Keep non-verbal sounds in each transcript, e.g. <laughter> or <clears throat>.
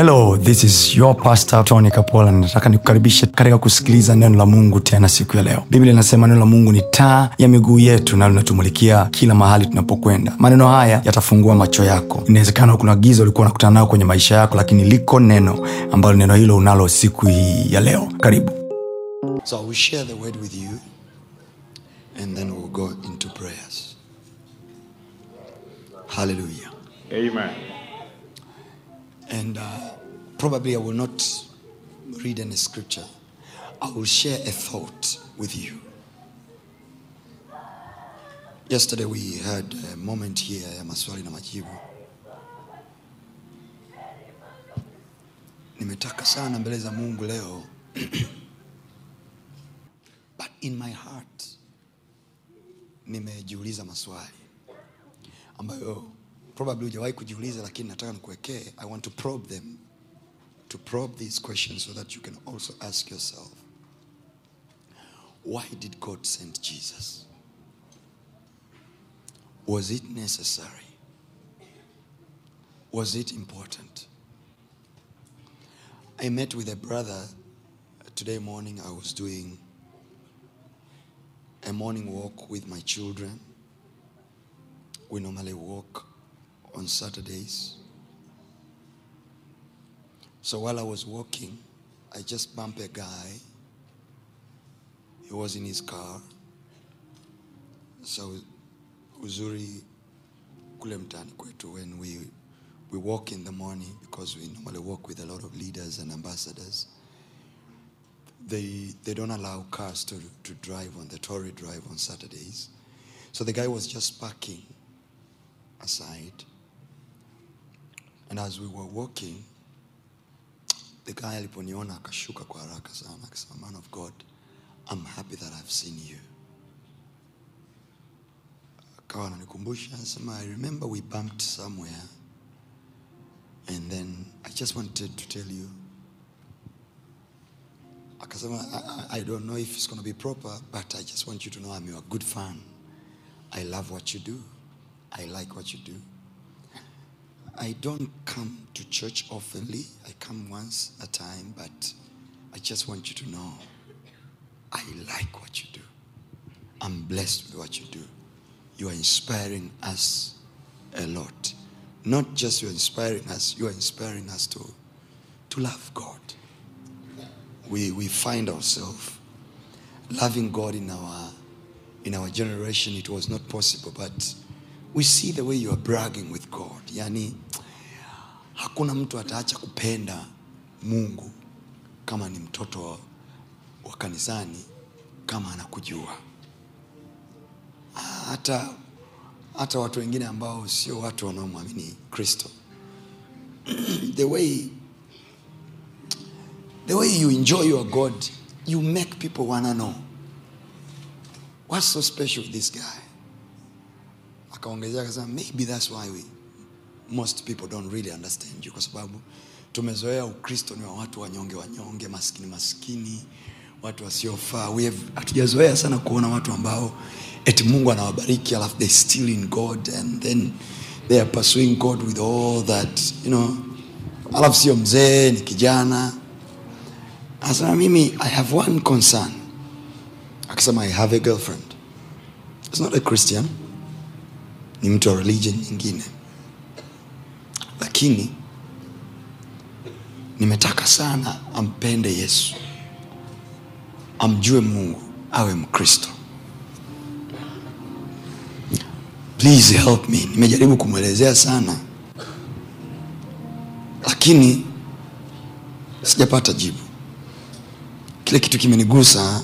hello this is your pastor tony kapola nataka nikukaribishe katika kusikiliza neno la mungu tena siku ya leo biblia inasema neno la mungu ni taa ya miguu yetu na linatumulikia kila mahali tunapokwenda maneno haya yatafungua macho yako inawezekana kuna giza ulikuwa unakutana nao kwenye maisha yako lakini liko neno ambalo neno hilo unalo siku hii ya leo karibu so I will share the word with you and then we'll go into prayers hallelujah amen And uh, probably I will not read any scripture. I will share a thought with you. Yesterday we had a moment here maswali na majibu. Nimetaka sana mbele Mungu leo. <clears throat> But in my heart nimejiuliza maswali ambayo probably hujawahi kujiuliza, lakini nataka nikuwekee. I want to probe them to probe these questions so that you can also ask yourself why did God send Jesus? Was it necessary? Was it important? I met with a brother uh, today morning. I was doing a morning walk with my children. We normally walk on Saturdays. So while I was walking, I just bumped a guy. He was in his car. So uzuri Kulemtani kwetu when we, we walk in the morning because we normally walk with a lot of leaders and ambassadors they, they don't allow cars to, to drive on the Tory drive on Saturdays. So the guy was just parking aside. And as we were walking, the guy aliponiona akashuka kwa haraka sana akasema, man of God, I'm happy that I've seen you. Akawa ananikumbusha anasema, I remember we bumped somewhere and then I just wanted to tell you. Akasema, I, I don't know if it's going to be proper, but I just want you to know I'm your good fan. I love what you do. I like what you do. I don't come to church oftenly. I come once a time, but I just want you to know I like what you do. I'm blessed with what you do. You are inspiring us a lot. Not just you're inspiring us, you are inspiring us to, to love God. We, we find ourselves loving God in our, in our generation. It was not possible, but we see the way you are bragging with God. Yani, Hakuna mtu ataacha kupenda Mungu kama ni mtoto wa, kanisani, kama anakujua hata hata watu wengine ambao sio watu wanaomwamini Kristo <clears throat> the way the way you enjoy your God you make people wanna know what's so special this guy. Akaongezea akasema maybe that's why we most people don't really understand you, kwa sababu tumezoea Ukristo ni wa watu wanyonge wanyonge, maskini maskini, watu wasiofaa. Hatujazoea sana kuona watu ambao eti Mungu anawabariki alafu they still in God and then they are pursuing God with all that you know, alafu sio mzee, ni kijana. Asema mimi I have one concern, akisema I have a girlfriend. It's not a Christian, ni mtu wa religion nyingine lakini nimetaka sana ampende yesu amjue mungu awe mkristo please help me nimejaribu kumwelezea sana lakini sijapata jibu kile kitu kimenigusa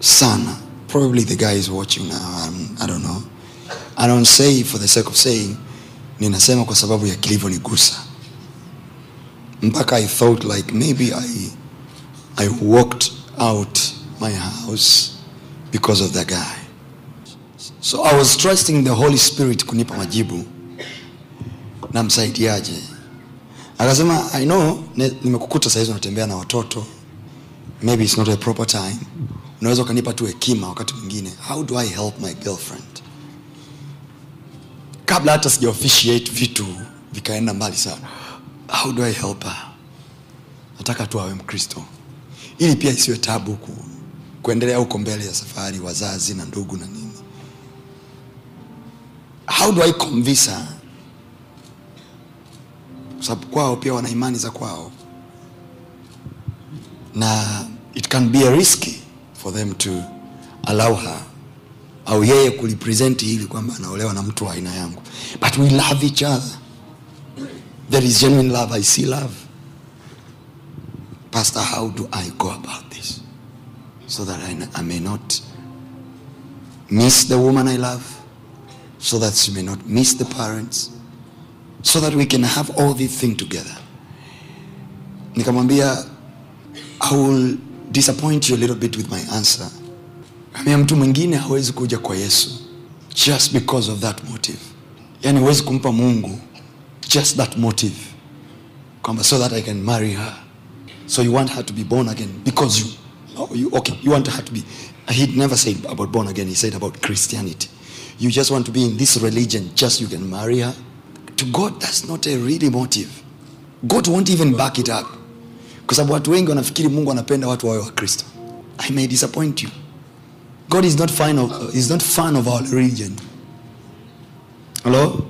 sana probably the guy is watching now i don't know i don't say for the sake of saying ninasema kwa sababu ya kilivyonigusa mpaka i thought like maybe i, I walked out my house because of the guy so i was trusting the holy spirit kunipa majibu namsaidiaje akasema i know nimekukuta sahizi unatembea na watoto maybe it's not a proper time unaweza ukanipa tu hekima wakati mwingine how do i help my girlfriend kabla hata sija officiate vitu vikaenda mbali sana how do i help her nataka tu awe mkristo ili pia isiwe tabu ku, kuendelea huko mbele ya safari wazazi na ndugu na nini how do i convince her kwa sababu kwao pia wana imani za kwao na it can be a risky for them to allow her au yeye kulipresent hili kwamba anaolewa na mtu wa aina yangu but we love each other there is genuine love i see love pastor how do i go about this so that i, I may not miss the woman i love so that she may not miss the parents so that we can have all this thing together nikamwambia i will disappoint you a little bit with my answer mamia mtu mwingine hawezi kuja kwa yesu just because of that motive Yaani huwezi kumpa mungu just that motive kwamba so that i can marry her so you want her to be born again because you, oh, you okay you want her to be he never said about born again he said about christianity you just want to be in this religion just you can marry her to god that's not a really motive god won't even back it up kwa sababu watu wengi wanafikiri mungu anapenda watu wawe Kristo. i may disappoint you God is not fan of is not fan of our religion. Hello?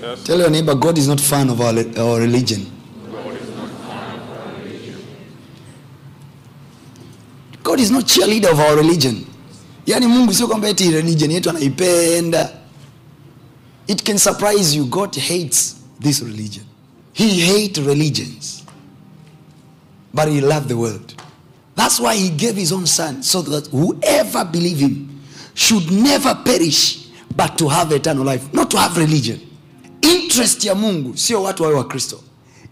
Yes. Tell your neighbor God is not fan of our, our religion. God is not cheerleader of our religion. Yani Mungu sio kwamba eti religion yetu anaipenda. It can surprise you God hates this religion. He hates religions. But he loved the world. That's why he gave his own son, so that whoever believe him should never perish, but to have eternal life, not to have religion. Interest ya Mungu sio watu wa kristo.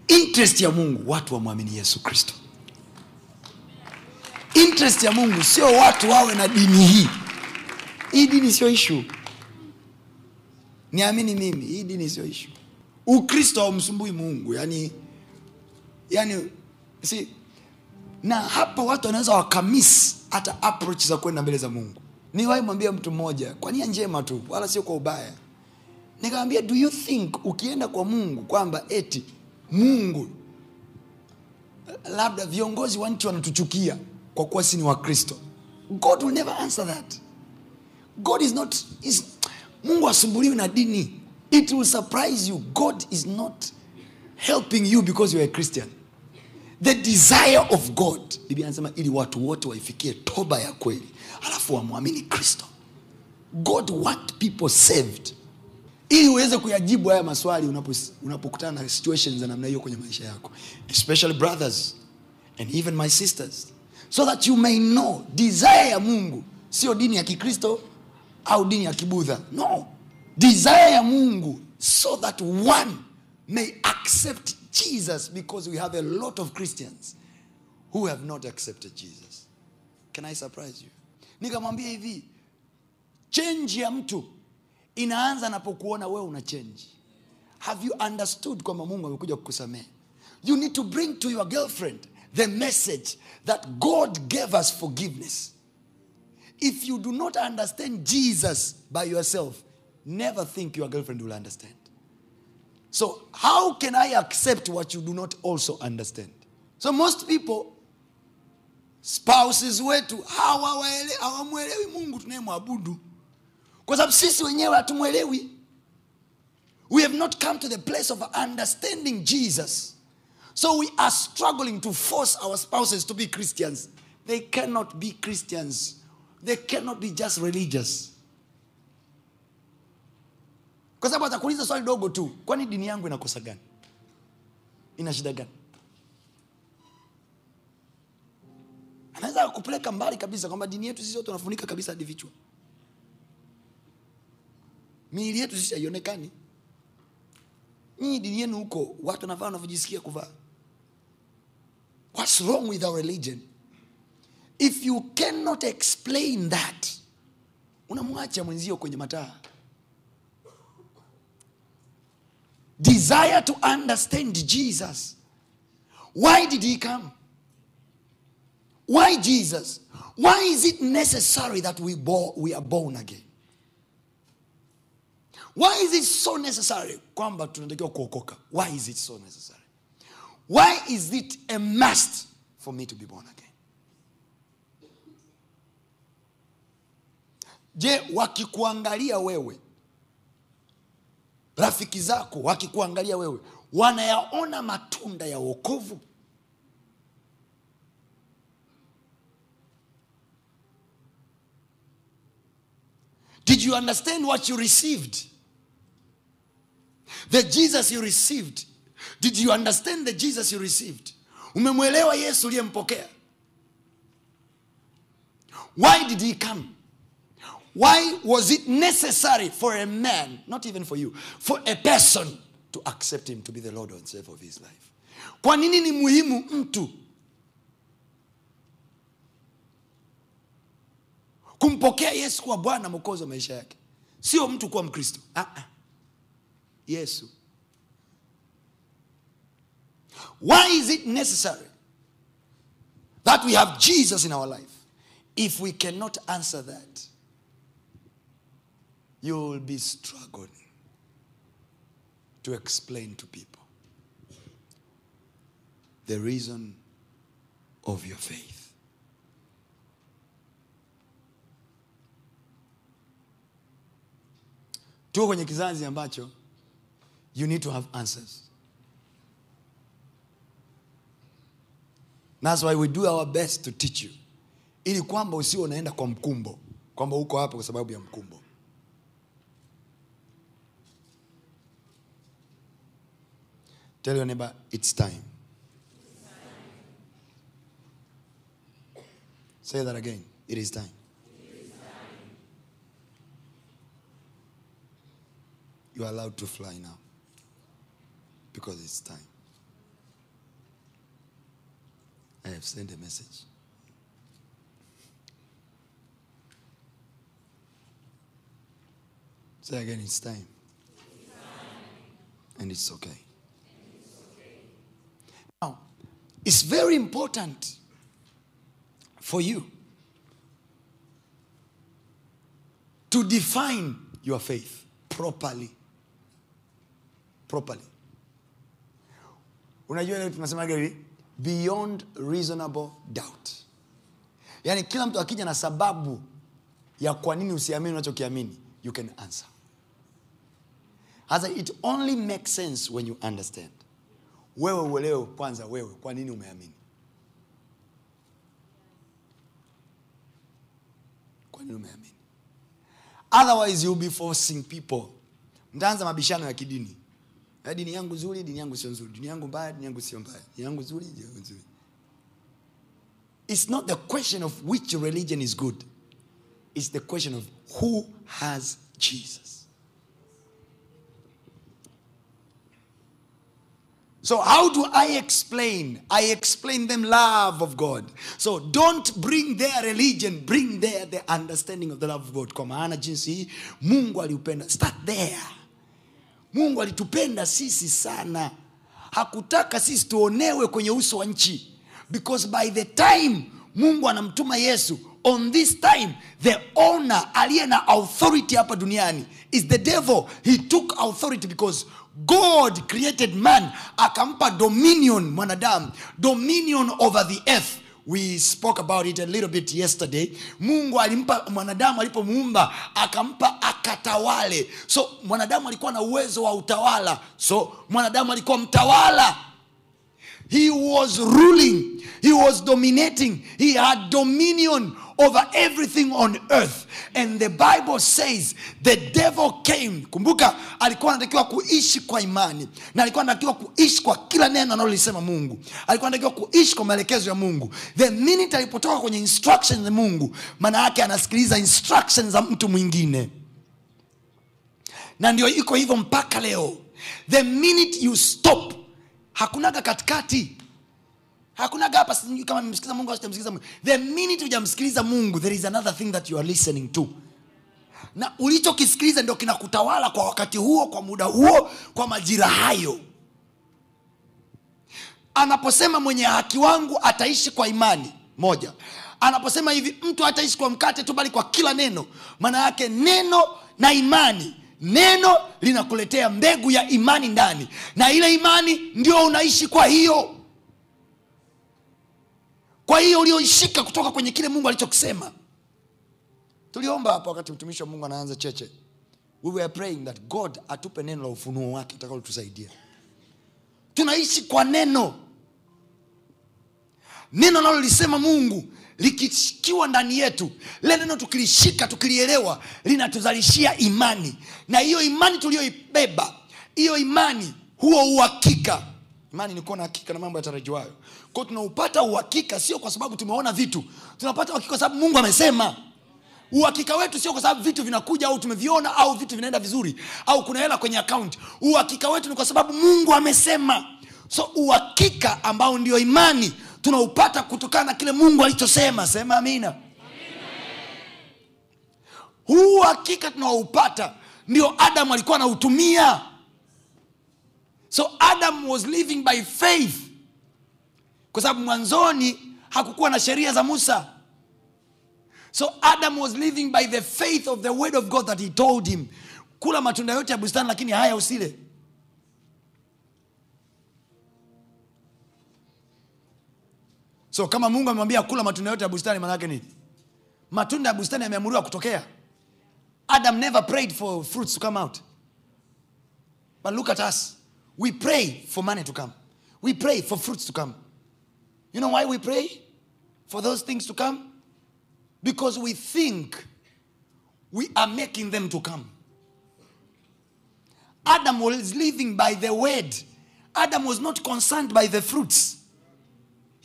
interest ya Mungu watu muamini Yesu Kristo. Interest ya Mungu sio watu wawe na dini hii. Hii dini sio ishu, niamini mimi, hii dini sio ishu. Ukristo haumsumbui Mungu, yani yani si na hapa watu wanaweza wakamisi hata approach za kwenda mbele za mungu niwahi mwambia mtu mmoja kwa nia njema tu wala sio kwa ubaya nikamwambia do you think ukienda kwa mungu kwamba eti mungu labda viongozi wa nchi wanatuchukia kwa kuwa si ni wakristo god will never answer that god is not is, mungu asumbuliwi na dini it will surprise you god is not helping you because you are a christian the desire of god biblia anasema ili watu wote waifikie toba ya kweli alafu wamwamini kristo god want people saved ili uweze kuyajibu haya maswali unapokutana unapo na situations za namna hiyo kwenye maisha yako especially brothers and even my sisters so that you may know desire ya mungu sio dini ya kikristo au dini ya kibudha no desire ya mungu so that one may accept Jesus because we have a lot of Christians who have not accepted Jesus. Can I surprise you? Nikamwambia hivi, change ya mtu inaanza anapokuona wewe una change. Have you understood kwamba Mungu amekuja kukusamehe? You need to bring to your girlfriend the message that God gave us forgiveness. If you do not understand Jesus by yourself, never think your girlfriend will understand. So, how can I accept what you do not also understand? So, most people, spouses wetu hawamwelewi Mungu tunayemwabudu kwa sababu sisi wenyewe hatumwelewi. We have not come to the place of understanding Jesus. So, we are struggling to force our spouses to be Christians. They cannot be Christians, they cannot be just religious. kwa sababu atakuuliza swali dogo tu, kwani dini yangu inakosa gani? Ina shida gani? Anaweza kupeleka mbali kabisa kwamba dini yetu sisi wote tunafunika kabisa hadi vichwa, miili yetu sisi haionekani. Nyinyi dini yenu huko watu wanavaa wanavyojisikia kuvaa. What's wrong with our religion? If you cannot explain that, unamwacha mwenzio kwenye mataa. desire to understand Jesus. Why did he come? Why Jesus? Why is it necessary that we, bo- we are born again? Why is it so necessary? Kwamba Why is it so necessary? Why is it a must for me to be born again? Je, wakikuangalia wewe rafiki zako wakikuangalia wewe wanayaona matunda ya wokovu? Did you understand what you received? The Jesus you received. Did you understand the Jesus you received? Umemwelewa Yesu uliyempokea? Why did he come? Why was it necessary for a man, not even for you, for a person to accept him to be the Lord and Savior of his life? Kwa nini ni muhimu mtu kumpokea Yesu kwa Bwana mwokozi wa maisha yake? Sio mtu kuwa Mkristo. Ah, Yesu. Why is it necessary that we have Jesus in our life if we cannot answer that? you'll be struggling to explain to people the reason of your faith. Tuko kwenye kizazi ambacho you need to have answers. That's why we do our best to teach you, ili kwamba usio unaenda kwa mkumbo, kwamba uko hapa kwa sababu ya mkumbo. Tell your neighbor, it's time. it's time. Say that again. It is time. time. You are allowed to fly now because it's time. I have sent a message. Say again, it's time. It's time. And it's okay. It's very important for you to define your faith properly properly unajua leo tunasema gari beyond reasonable doubt yaani kila mtu akija na sababu ya kwa nini usiamini unachokiamini you can answer hasa it only makes sense when you understand wewe uelewe kwanza, wewe kwa nini umeamini? Kwa nini umeamini? Otherwise you'll be forcing people. Mtaanza mabishano ya kidini, ya dini yangu nzuri, dini yangu sio nzuri, dini yangu mbaya, dini yangu sio mbaya, dini yangu nzuri, nzuri. It's not the question of which religion is good. It's the question of who has Jesus. So, how do I explain? I explain them love of God. So, don't bring their religion, bring there the understanding of the love of God. Kwa maana jinsi see. Mungu aliupenda. Start there. Mungu alitupenda sisi sana, hakutaka sisi tuonewe kwenye uso wa nchi, because by the time Mungu anamtuma Yesu on this time the owner aliye na authority hapa duniani is the devil. He took authority because god created man akampa dominion mwanadamu dominion over the earth we spoke about it a little bit yesterday mungu alimpa mwanadamu alipomuumba akampa akatawale so mwanadamu alikuwa na uwezo wa utawala so mwanadamu alikuwa mtawala He was ruling, he was dominating, he had dominion over everything on earth and the bible says the devil came kumbuka alikuwa anatakiwa kuishi kwa imani na alikuwa anatakiwa kuishi kwa kila neno analolisema mungu alikuwa anatakiwa kuishi kwa maelekezo ya mungu the minute alipotoka kwenye instructions za mungu maana yake anasikiliza instructions za mtu mwingine na ndio iko hivyo mpaka leo the minute you stop hakunaga katikati hakunaga hapa kama nimemsikiliza mungu sijamsikiliza mungu the minute hujamsikiliza mungu there is another thing that you are listening to na ulichokisikiliza ndio kinakutawala kwa wakati huo kwa muda huo kwa majira hayo anaposema mwenye haki wangu ataishi kwa imani moja anaposema hivi mtu hataishi kwa mkate tu bali kwa kila neno maana yake neno na imani neno linakuletea mbegu ya imani ndani na ile imani ndio unaishi kwa hiyo kwa hiyo ulioishika kutoka kwenye kile mungu alichokisema tuliomba hapa wakati mtumishi wa mungu anaanza cheche we were praying that god atupe neno la ufunuo wake utakalotusaidia tunaishi kwa neno neno analolisema mungu likishikiwa ndani yetu, le neno tukilishika, tukilielewa, linatuzalishia imani, na hiyo imani tuliyoibeba, hiyo imani huo uhakika. Imani ni kuwa na hakika na mambo yatarajiwayo. kwao tunaupata uhakika, sio kwa sababu tumeona vitu, tunapata uhakika kwa sababu Mungu amesema. Uhakika wetu sio kwa sababu vitu vinakuja au tumeviona au vitu vinaenda vizuri au kuna hela kwenye akaunti. Uhakika wetu ni kwa sababu Mungu amesema. So uhakika ambao ndio imani tunaupata kutokana na kile mungu alichosema sema amina huu hakika tunaoupata ndio adamu alikuwa anautumia so adam was living by faith kwa sababu mwanzoni hakukuwa na sheria za musa so adam was living by the faith of the word of god that he told him kula matunda yote ya bustani lakini haya usile so kama mungu amemwambia kula matunda yote ya bustani maanaake nini matunda ya bustani yameamuriwa kutokea adam never prayed for fruits to come out but look at us we pray for money to come we pray for fruits to come you know why we pray for those things to come because we think we are making them to come adam was living by the word adam was not concerned by the fruits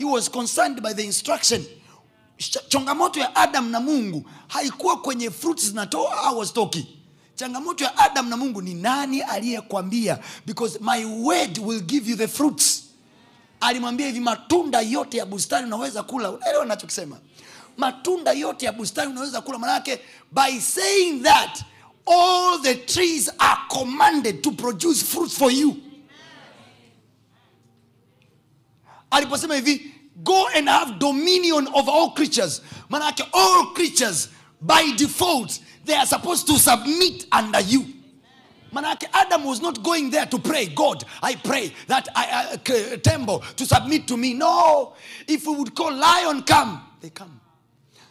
he was concerned by the instruction changamoto ya adam na mungu haikuwa kwenye fruits zinatoa was talking changamoto ya adam na mungu ni nani aliyekwambia because my word will give you the fruits alimwambia hivi matunda yote ya bustani unaweza kula unaelewa nachokisema matunda yote ya bustani unaweza kula manake by saying that all the trees are commanded to produce fruits for you aliposema hivi go and have dominion over all creatures manake all creatures by default they are supposed to submit under you manake adam was not going there to pray god i pray that I, uh, temple to submit to me no if we would call lion come they come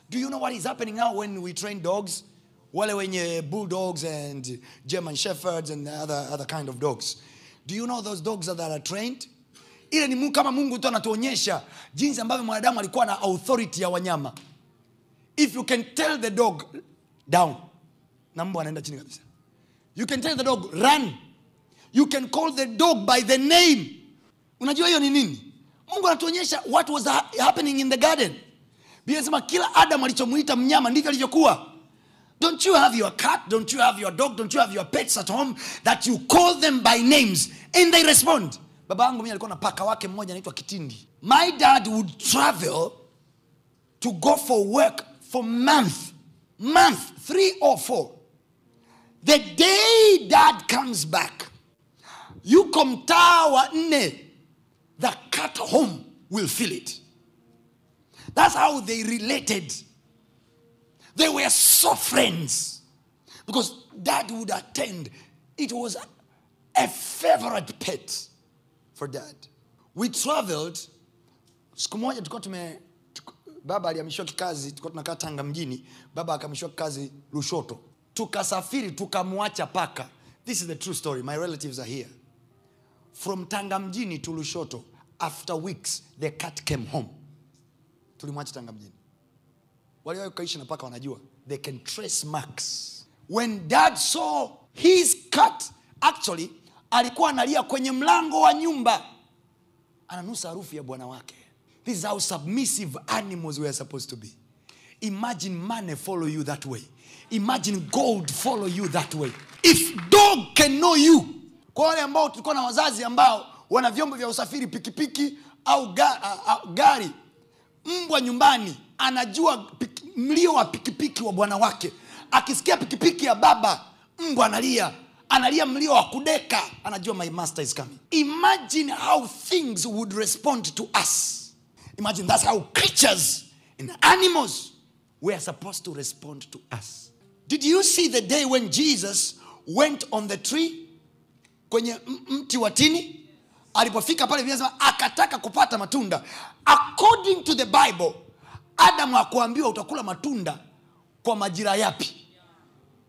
do you know what is happening now when we train dogs wale have bulldogs and german shepherds and other, other kind of dogs do you know those dogs that are trained ile ni Mungu, kama Mungu tu anatuonyesha jinsi ambavyo mwanadamu alikuwa na authority ya wanyama. If you can tell the dog down, na mbwa anaenda chini kabisa. You can tell the dog run, you can call the dog by the name. Unajua hiyo ni nini? Mungu anatuonyesha what was happening in the garden. Biblia kila Adam alichomuita mnyama ndivyo alivyokuwa. Don't you have your cat? Don't you have your dog? Don't you have your pets at home that you call them by names and they respond? baba yangu mimi alikuwa na paka wake mmoja anaitwa kitindi my dad would travel to go for work for month month three or four the day dad comes back yuko mtaa wa nne the cat home will feel it that's how they related they were so friends because dad would attend it was a favorite pet for dad. We traveled. Siku moja tulikuwa tume baba aliamishwa kikazi, tulikuwa tunakaa Tanga mjini, baba akamishwa kikazi Lushoto. Tukasafiri tukamwacha paka. This is the true story. My relatives are here. From Tanga mjini to Lushoto, after weeks the cat came home. Tulimwacha Tanga mjini. Waliowahi kuishi na paka wanajua they can trace marks. When dad saw his cat, actually alikuwa analia kwenye mlango wa nyumba ananusa harufu ya bwana wake this is how submissive animals we are supposed to be imagine money follow you that way imagine gold follow you that way if dog can know you kwa wale ambao tulikuwa na wazazi ambao wana vyombo vya usafiri pikipiki piki, au ga, a, a, gari mbwa nyumbani anajua piki, mlio wa pikipiki piki wa bwana wake akisikia pikipiki piki ya baba mbwa analia analia mlio wa kudeka anajua my master is coming imagine how things would respond to us imagine that's how creatures and animals were supposed to respond to us did you see the day when jesus went on the tree kwenye mti wa tini alipofika pale vinasema akataka kupata matunda according to the bible adamu akuambiwa utakula matunda kwa majira yapi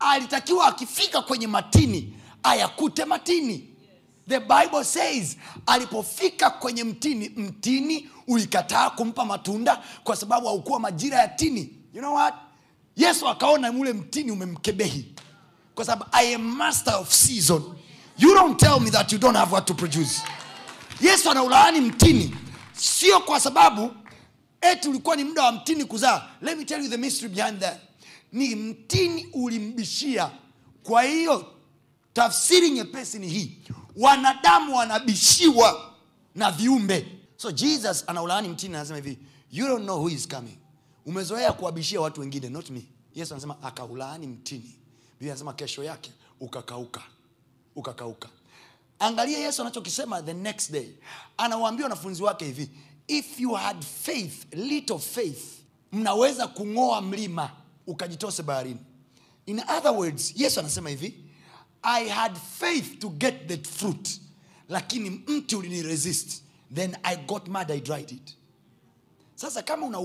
alitakiwa akifika kwenye matini ayakute matini the bible says alipofika kwenye mtini mtini ulikataa kumpa matunda kwa sababu haukuwa majira ya tini you know what yesu akaona ule mtini umemkebehi kwa sababu i am master of season you don't tell me that you don't have what to produce yesu anaulaani mtini sio kwa sababu eti ulikuwa ni muda wa mtini kuzaa let me tell you the mystery behind that ni mtini ulimbishia. Kwa hiyo tafsiri nyepesi ni hii, wanadamu wanabishiwa na viumbe. So Jesus anaulaani mtini, anasema hivi, you don't know who is coming. Umezoea kuwabishia watu wengine, not me. Yesu anasema akaulaani mtini. Biblia anasema kesho yake ukakauka, ukakauka. Angalia Yesu anachokisema the next day, anawaambia wanafunzi wake hivi, if you had faith, little faith, mnaweza kung'oa mlima ukajitose baharini in other words yesu anasema hivi i had faith to get the fruit lakini mti uliniresist then i got mad i dried it sasa kama una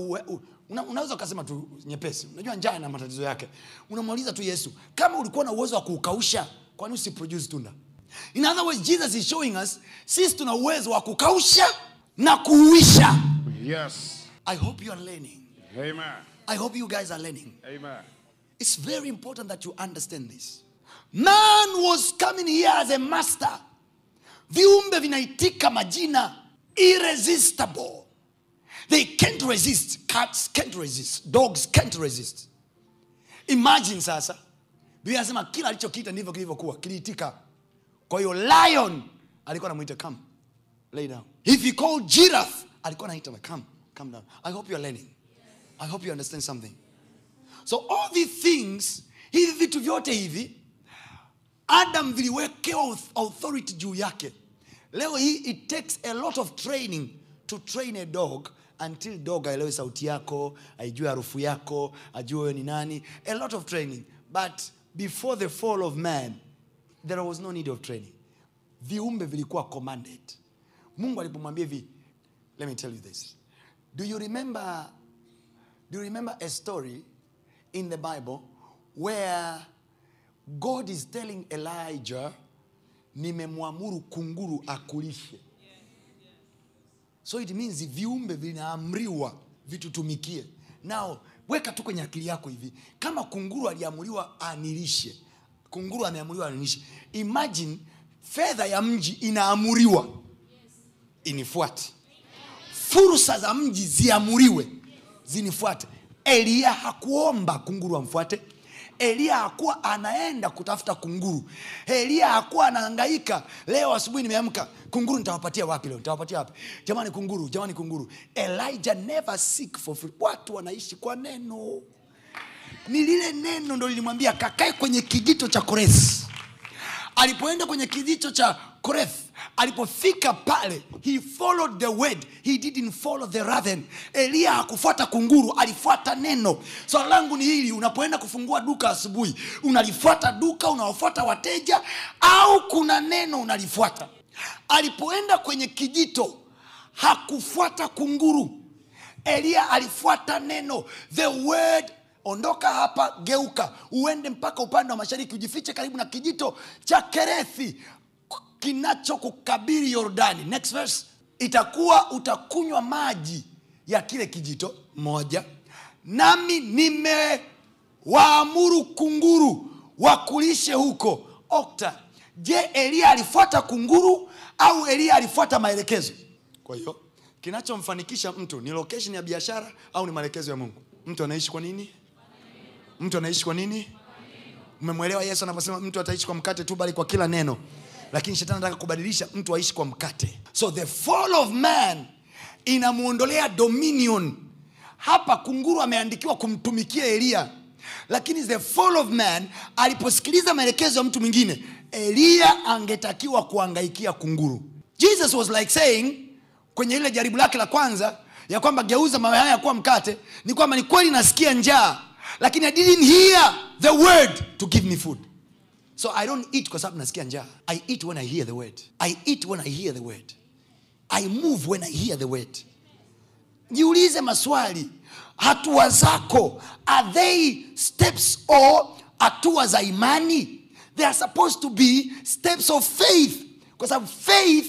una, unaweza ukasema tu nyepesi unajua njaa na matatizo yake unamwaliza tu yesu kama ulikuwa na uwezo wa kuukausha kwani usiproduce tunda in other words jesus is showing us sisi tuna uwezo wa kukausha na kuuisha yes. i hope you are learning Amen. I hope you guys are learning. Amen. It's very important that you understand this. Man was coming here as a master. Viumbe vinaitika majina irresistible. They can't resist. Cats can't resist. Dogs can't resist. Imagine sasa. Biblia inasema kila alichokiita ndivyo kilivyokuwa, kiliitika. Kwa hiyo lion alikuwa anamuita come lay down. If he called giraffe alikuwa anaita come come down. I hope you are learning. I hope you understand something. So all these things, hivi vitu vyote hivi Adam viliwekewa authority juu yake. Leo hii it takes a lot of training to train a dog until dog aelewe sauti yako, aijue harufu yako, ajue wewe ni nani. A lot of training. But before the fall of man, there was no need of training. Viumbe vilikuwa commanded. Mungu alipomwambia hivi, let me tell you this. Do you remember Do you remember a story in the Bible where God is telling Elijah, nimemwamuru kunguru akulishe. So it means viumbe vinaamriwa vitutumikie. Now weka tu kwenye akili yako hivi, kama kunguru aliamuriwa anilishe, kunguru ameamuriwa anilishe, imagine fedha ya mji inaamuriwa Inifuati. fursa za mji ziamuriwe zinifuate eliya hakuomba kunguru amfuate eliya hakuwa anaenda kutafuta kunguru eliya hakuwa anahangaika leo asubuhi nimeamka kunguru nitawapatia wapi leo nitawapatia wapi jamani kunguru jamani kunguru elijah never seek for food. watu wanaishi kwa neno ni lile neno ndo lilimwambia kakae kwenye kijito cha koresi alipoenda kwenye kijito cha koreth alipofika pale he followed the word he didn't follow the raven eliya hakufuata kunguru alifuata neno swala so, langu ni hili unapoenda kufungua duka asubuhi unalifuata duka unawafuata wateja au kuna neno unalifuata alipoenda kwenye kijito hakufuata kunguru eliya alifuata neno the word ondoka hapa, geuka uende mpaka upande wa mashariki, ujifiche karibu na kijito cha Kerethi kinachokukabili Yordani. Next verse, itakuwa utakunywa maji ya kile kijito moja, nami nimewaamuru kunguru wakulishe huko. Okta, je, Eliya alifuata kunguru au Eliya alifuata maelekezo? Kwa hiyo kinachomfanikisha mtu ni location ya biashara au ni maelekezo ya Mungu? Mtu anaishi kwa nini? mtu anaishi kwa nini umemwelewa yesu anavyosema mtu ataishi kwa mkate tu bali kwa kila neno lakini shetani anataka kubadilisha mtu aishi kwa mkate so the fall of man inamwondolea dominion hapa kunguru ameandikiwa kumtumikia eliya lakini the fall of man aliposikiliza maelekezo ya mtu mwingine eliya angetakiwa kuangaikia kunguru jesus was like saying kwenye ile jaribu lake la kwanza ya kwamba geuza mawe haya kuwa mkate ni kwamba ni kweli nasikia njaa lakini i didn't hear the word to give me food so i don't eat kwa sababu nasikia njaa i eat when i hear the word i eat when i hear the word i move when i hear the word jiulize maswali hatua zako are they steps or hatua za imani they are supposed to be steps of faith because of faith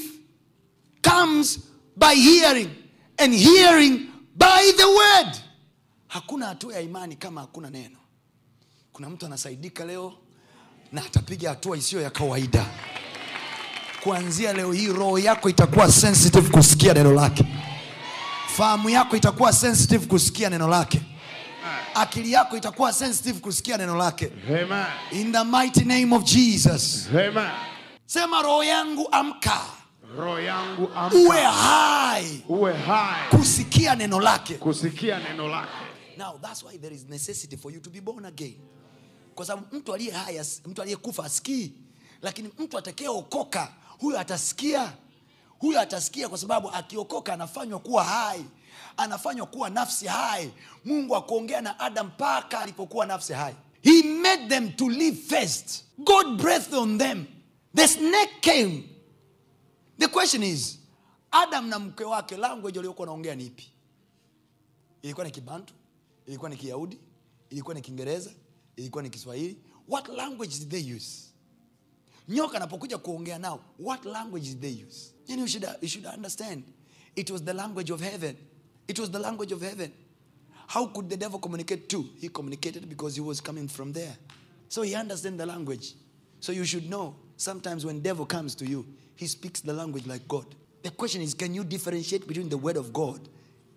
comes by hearing and hearing by the word Hakuna hatua ya imani kama hakuna neno. Kuna mtu anasaidika leo na atapiga hatua isiyo ya kawaida. Kuanzia leo hii, roho yako itakuwa sensitive kusikia neno lake, fahamu yako itakuwa sensitive kusikia neno lake, akili yako itakuwa sensitive kusikia neno lake. In the mighty name of Jesus. Sema, roho yangu amka, roho yangu amka, uwe hai, uwe hai kusikia neno lake, kusikia neno lake now that's why there is necessity for you to be born again kwa sababu mtu aliye haya mtu aliyekufa asikii lakini mtu atakayeokoka huyo atasikia huyo atasikia kwa sababu akiokoka anafanywa kuwa hai anafanywa kuwa nafsi hai mungu akuongea na adam mpaka alipokuwa nafsi hai he made them to live first god breathed on them the snake came the question is adam na mke wake language waliokuwa naongea ni ipi ilikuwa ni kibantu ilikuwa ni kiyahudi ilikuwa ni kiingereza ilikuwa ni kiswahili what language did they use nyoka anapokuja kuongea nao what language did they use yani you should, you should understand it was the language of heaven it was the language of heaven how could the devil communicate to he communicated because he was coming from there so he understand the language so you should know sometimes when devil comes to you he speaks the language like god the question is can you differentiate between the word of god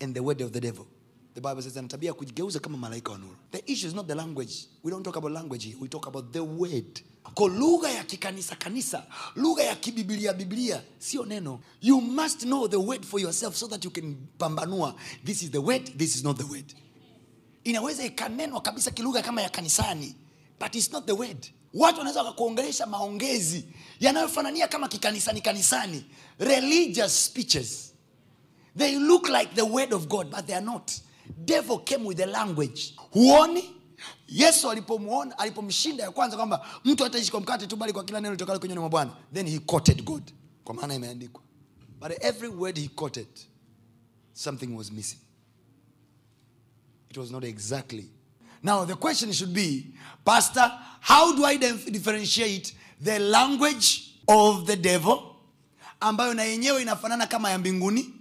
and the word of the devil The Bible says ana ya kujigeuza kama malaika wa nuru. The issue is not the language. We don't talk about language here. We talk about the word. Kwa lugha ya kikanisa kanisa, lugha ya kibibilia biblia, sio neno. You must know the word for yourself so that you can pambanua this is the word, this is not the word. Inaweza ikanenwa kabisa kilugha kama ya kanisani, but it's not the word. Watu wanaweza wakakuongelesha maongezi yanayofanania kama kikanisani kanisani, religious speeches. They look like the word of God, but they are not devil came with the language huoni yesu alipomuona alipomshinda ya kwanza kwamba mtu ataishi kwa mkate tu bali kwa kila neno litokalo kinywani mwa bwana then he quoted god kwa maana imeandikwa but every word he quoted something was missing it was not exactly now the question should be pastor how do i differentiate the language of the devil ambayo na yenyewe inafanana kama ya mbinguni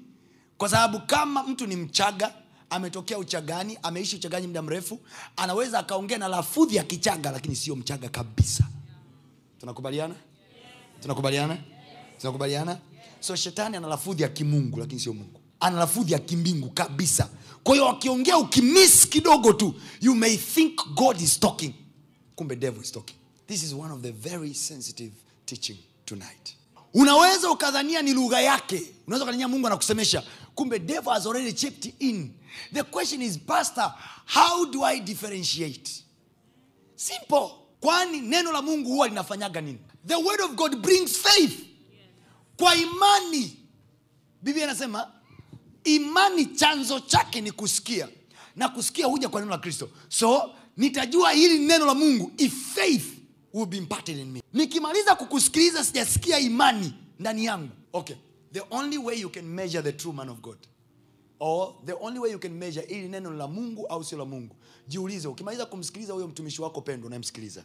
kwa sababu kama mtu ni mchaga ametokea Uchagani, ameishi Uchagani muda mrefu, anaweza akaongea na lafudhi ya Kichaga lakini sio Mchaga kabisa. Tunakubaliana? Tunakubaliana? Tunakubaliana? So shetani ana lafudhi ya kimungu lakini sio Mungu, ana lafudhi ya kimbingu kabisa. Kwa hiyo akiongea ukimis kidogo tu, you may think God is talking, kumbe devil is talking. This is one of the very sensitive teaching tonight. Unaweza ukadhania ni lugha yake, unaweza ukadhania Mungu anakusemesha, kumbe devil has already chipped in The question is, pastor, how do I differentiate? Simple. Kwani neno la Mungu huwa linafanyaga nini? The word of God brings faith. Kwa imani, Biblia inasema imani chanzo chake ni kusikia, na kusikia huja kwa neno la Kristo. So nitajua hili neno la Mungu if faith will be imparted in me. Nikimaliza kukusikiliza sijasikia imani ndani yangu. Okay, the only way you can measure the true man of God or the only way you can measure ili neno la Mungu au sio la Mungu. Jiulize, ukimaliza kumsikiliza huyo mtumishi wako pendwa, unamsikiliza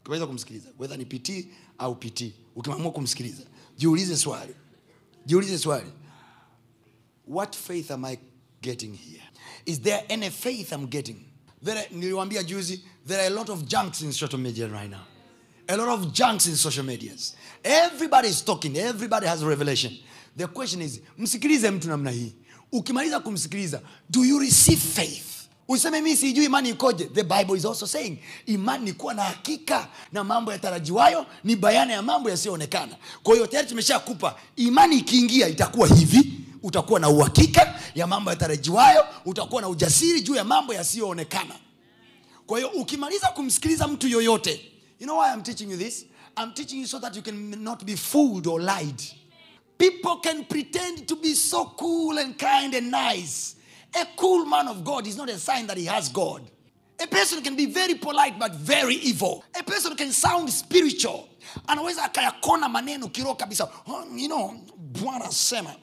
ukimaliza kumsikiliza, whether ni PT au PT, ukimamua kumsikiliza, jiulize swali, jiulize swali, what faith am I getting here? Is there any faith I'm getting? There, juzi, there are a lot of junks in social media right now a lot of junks in social medias. Everybody is talking, everybody has a revelation. The question is, msikilize mtu namna hii ukimaliza kumsikiliza do you receive faith useme mi sijui imani ikoje the bible is also saying imani ni kuwa na hakika na mambo yatarajiwayo ni bayana ya mambo yasiyoonekana kwa hiyo tayari tumeshakupa imani ikiingia itakuwa hivi utakuwa na uhakika ya mambo yatarajiwayo utakuwa na ujasiri juu ya mambo yasiyoonekana kwa hiyo ukimaliza kumsikiliza mtu yoyote you know why I'm teaching you this I'm teaching you so that you can not be fooled or lied People can pretend to be so cool and kind and nice. A cool man of God is not a sign that he has God. A person can be very polite but very evil. A person can sound spiritual. and Anaweza akayakona maneno kiroho kabisa. You know, buana Bwana asema.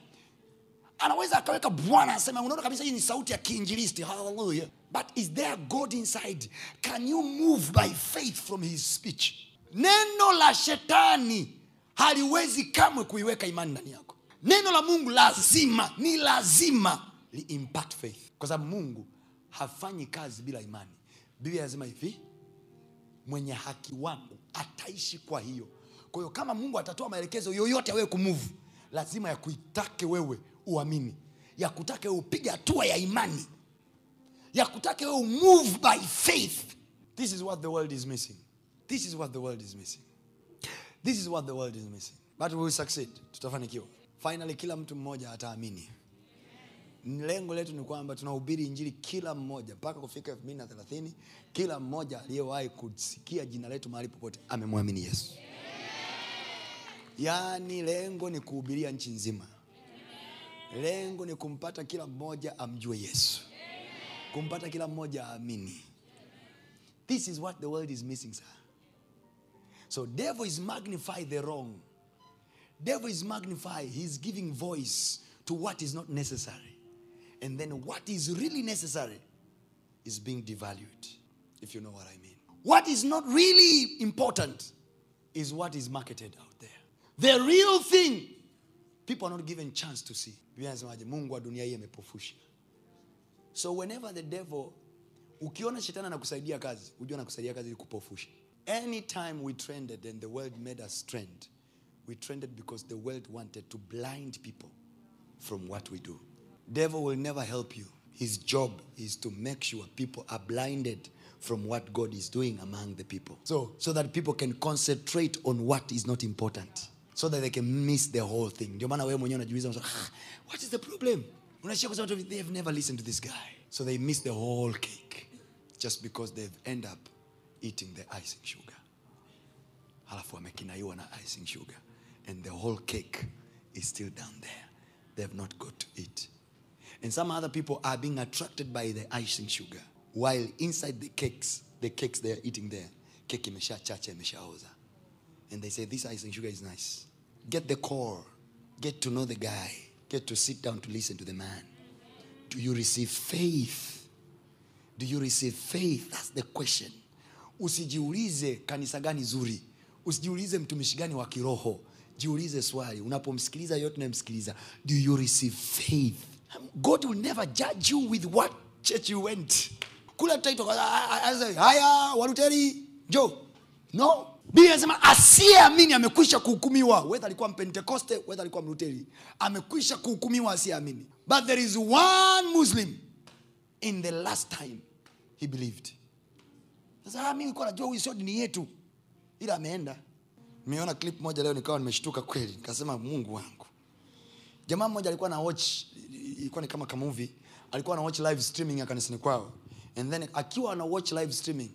Anaweza akaweka Bwana asema. Unaona kabisa hii ni sauti ya kiinjilisti. Hallelujah. But is there God inside? Can you move by faith from his speech? Neno la shetani haliwezi kamwe kuiweka imani ndani yako neno la mungu lazima ni lazima li faith kwa sababu mungu hafanyi kazi bila imani biblia anasema hivi mwenye haki wangu ataishi kwa hiyo kwa hiyo kama mungu atatoa maelekezo yoyote awee kumuvu lazima yakuitake wewe uamini yakutake wewe upige hatua ya imani yakutake wewe umove by faith this is what the world is missing this is what the world is missing This is what the world is missing. But we will succeed. Tutafanikiwa. Finally kila mtu mmoja ataamini. Lengo letu ni kwamba tunahubiri injili kila mmoja mpaka kufika elfu na thelathini. Kila mmoja aliyewahi kusikia jina letu mahali popote amemwamini Yesu. Yaani lengo ni kuhubiria nchi nzima. Lengo ni kumpata kila mmoja amjue Yesu, kumpata kila mmoja aamini. This is what the world is missing, sir. So devil is magnify the wrong. Devil is magnify. He's giving voice to what is not necessary. And then what is really necessary is being devalued, if you know what I mean. What is not really important is what is marketed out there. The real thing, people are not given chance to see. So whenever the devil, ukiona na kusaidia kazi, ujue kusaidia kazi ili Anytime we trended and the world made us trend, we trended because the world wanted to blind people from what we do. Devil will never help you. His job is to make sure people are blinded from what God is doing among the people. So, so that people can concentrate on what is not important. So that they can miss the whole thing. Ndio maana wewe mwenyewe unajiuliza ah, what is the problem? Unashia they have never listened to this guy. So they miss the whole cake just because they've end up eating the icing sugar, halafu wamekinaiwa na icing sugar and the whole cake is still down there. They have not got to eat. And some other people are being attracted by the icing sugar while inside the cakes, the cakes they are eating there, keki imeshachacha imeshaoza. And they say, This icing sugar is nice. Get the core, get to know the guy, get to sit down to listen to the man. Do you receive faith? Do you receive faith? That's the question. usijiulize kanisa gani zuri, usijiulize mtumishi gani wa kiroho. Jiulize swali unapomsikiliza yote unayemsikiliza, do you receive faith? God will never judge you with what church you went. Kula tutaitwa haya, Waluteri njo no Biblia inasema asiyeamini amekwisha kuhukumiwa. Wedha alikuwa Mpentekoste, wedha alikuwa Mluteri, amekwisha kuhukumiwa asiyeamini. But there is one Muslim in the last time he believed sasa ah, mimi nilikuwa najua huyu sio dini yetu ila ameenda nimeona clip moja leo nikawa nimeshtuka kweli nikasema mungu wangu jamaa mmoja alikuwa na watch ilikuwa ni kama movie, alikuwa na watch live streaming ya kanisani kwao and then akiwa ana watch live streaming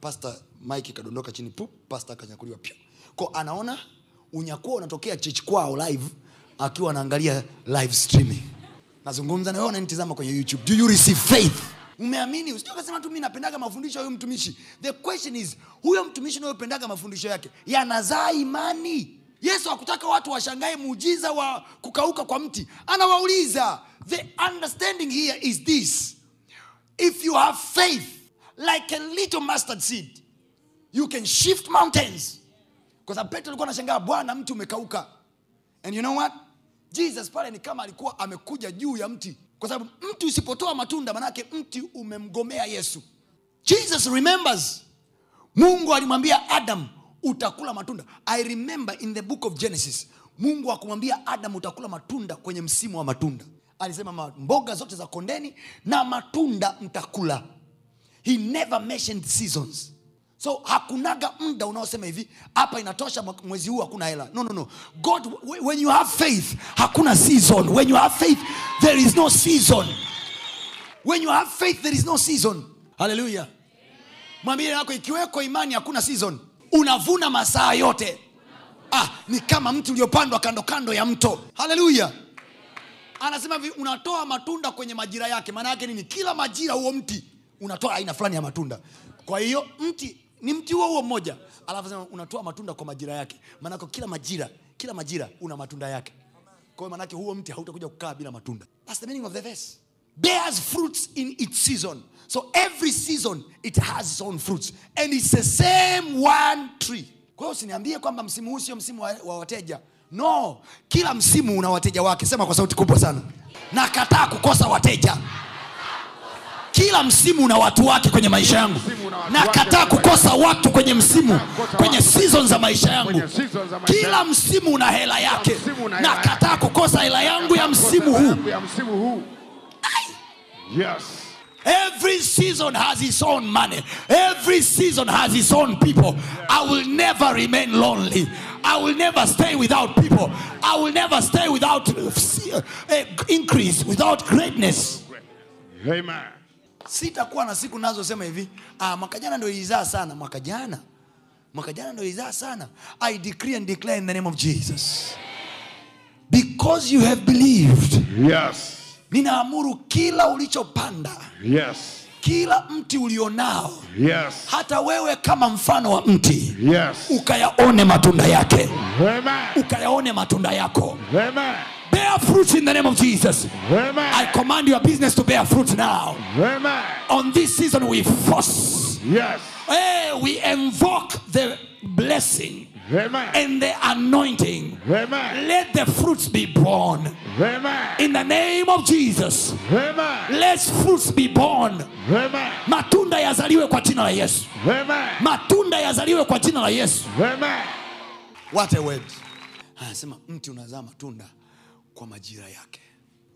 pastor mike kadondoka chini pup, pastor akanyakuliwa pia kwa, anaona unyakuo unatokea church kwao live akiwa anaangalia live streaming nazungumza na wewe unanitazama kwenye youtube do you receive faith umeamini usije tu mimi napendaga mafundisho ya huyo mtumishi the question is huyo mtumishi unayopendaga mafundisho yake yanazaa imani yesu akutaka watu washangae muujiza wa kukauka kwa mti anawauliza the understanding here is this if you have faith like a little mustard seed you can shift mountains kwa sababu petro alikuwa anashangaa bwana mti umekauka and you know what jesus pale ni kama alikuwa amekuja juu ya mti kwa sababu mti usipotoa matunda manake mti umemgomea yesu jesus remembers mungu alimwambia adam utakula matunda i remember in the book of genesis mungu akumwambia adam utakula matunda kwenye msimu wa matunda alisema mboga zote za kondeni na matunda mtakula he never mentioned seasons so hakunaga muda unaosema hivi hapa inatosha mwezi huu hakuna hela no, no, no. god when you have faith hakuna season when you have faith there is no season when you have faith there is no season haleluya mwambie yako ikiweko imani hakuna season unavuna masaa yote ah, ni kama mtu uliopandwa kando kando ya mto haleluya anasema hivi unatoa matunda kwenye majira yake maana yake nini kila majira huo mti unatoa aina fulani ya matunda kwa hiyo mti ni mti huo huo mmoja alafu sema unatoa matunda kwa majira yake maanake kila majira kila majira una matunda yake kwa maanake huo mti hautakuja kukaa bila matunda That's the meaning of the verse. bears fruits in its season so every season it has its own fruits and it's the same one tree kwa hiyo usiniambie kwamba msimu huu sio msimu wa, wa wateja no kila msimu una wateja wake sema kwa sauti kubwa sana nakataa kukosa wateja kila msimu una watu wake kwenye maisha yangu nakataa kukosa watu kwenye msimu kwenye sizon za maisha yangu kila msimu una hela yake nakataa kukosa hela yangu ya msimu huu yes. Every season has its own money. Every season has its own people. I will never remain lonely. I will never stay without people. I will never stay without uh, increase, without greatness. Amen sitakuwa na siku nazosema hivi ah, mwaka jana ndio ilizaa sana mwaka jana mwaka jana ndio ilizaa sana i decree and declare in the name of jesus because you have believed yes ninaamuru kila ulichopanda yes kila mti ulionao yes. hata wewe kama mfano wa mti yes. ukayaone matunda yake Amen. ukayaone matunda yako Amen. bear fruit in the name of Jesus. Amen. I command your business to bear fruit now. Amen. On this season, we force. Yes. Hey, eh, we invoke the blessing. Amen. And the anointing. Amen. Let the fruits be born. Amen. In the name of Jesus. Amen. Let fruits be born. Amen. Matunda yazaliwe kwa jina la Yesu. Amen. Matunda yazaliwe kwa jina la Yesu. Amen. What a word. Anasema ah, mti unazaa matunda. kwa majira yake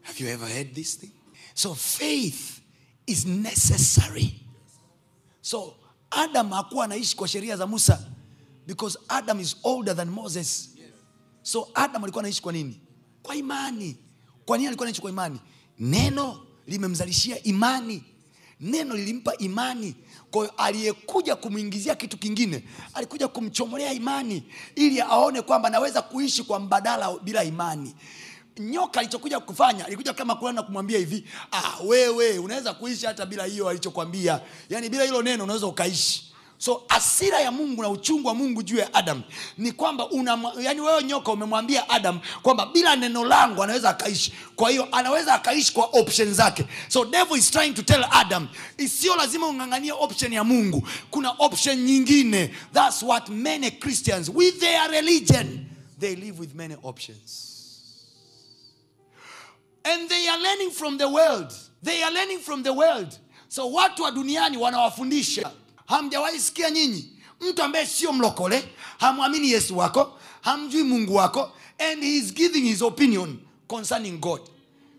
have you ever heard this thing so faith is necessary so adam hakuwa anaishi kwa sheria za musa because adam is older than moses so adam alikuwa anaishi kwa nini kwa imani kwa nini alikuwa anaishi kwa imani neno limemzalishia imani neno lilimpa imani kwa hiyo aliyekuja kumwingizia kitu kingine alikuja kumchomolea imani ili aone kwamba anaweza kuishi kwa mbadala bila imani nyoka alichokuja kufanya alikuja kama kulana na kumwambia hivi ah, wewe unaweza kuishi hata bila hiyo alichokwambia yani bila hilo neno unaweza ukaishi so asira ya mungu na uchungu wa mungu juu ya adam ni kwamba una, yani wewe nyoka umemwambia adam kwamba bila neno langu anaweza akaishi kwa hiyo anaweza akaishi kwa option zake so devil is trying to tell adam isiyo lazima ung'ang'anie option ya mungu kuna option nyingine thats what many christians with their religion they live with many options and they are learning from the world they are learning from the world so watu wa duniani wanawafundisha hamjawahi sikia nyinyi mtu ambaye sio mlokole hamwamini yesu wako hamjui mungu wako and he is giving his opinion concerning god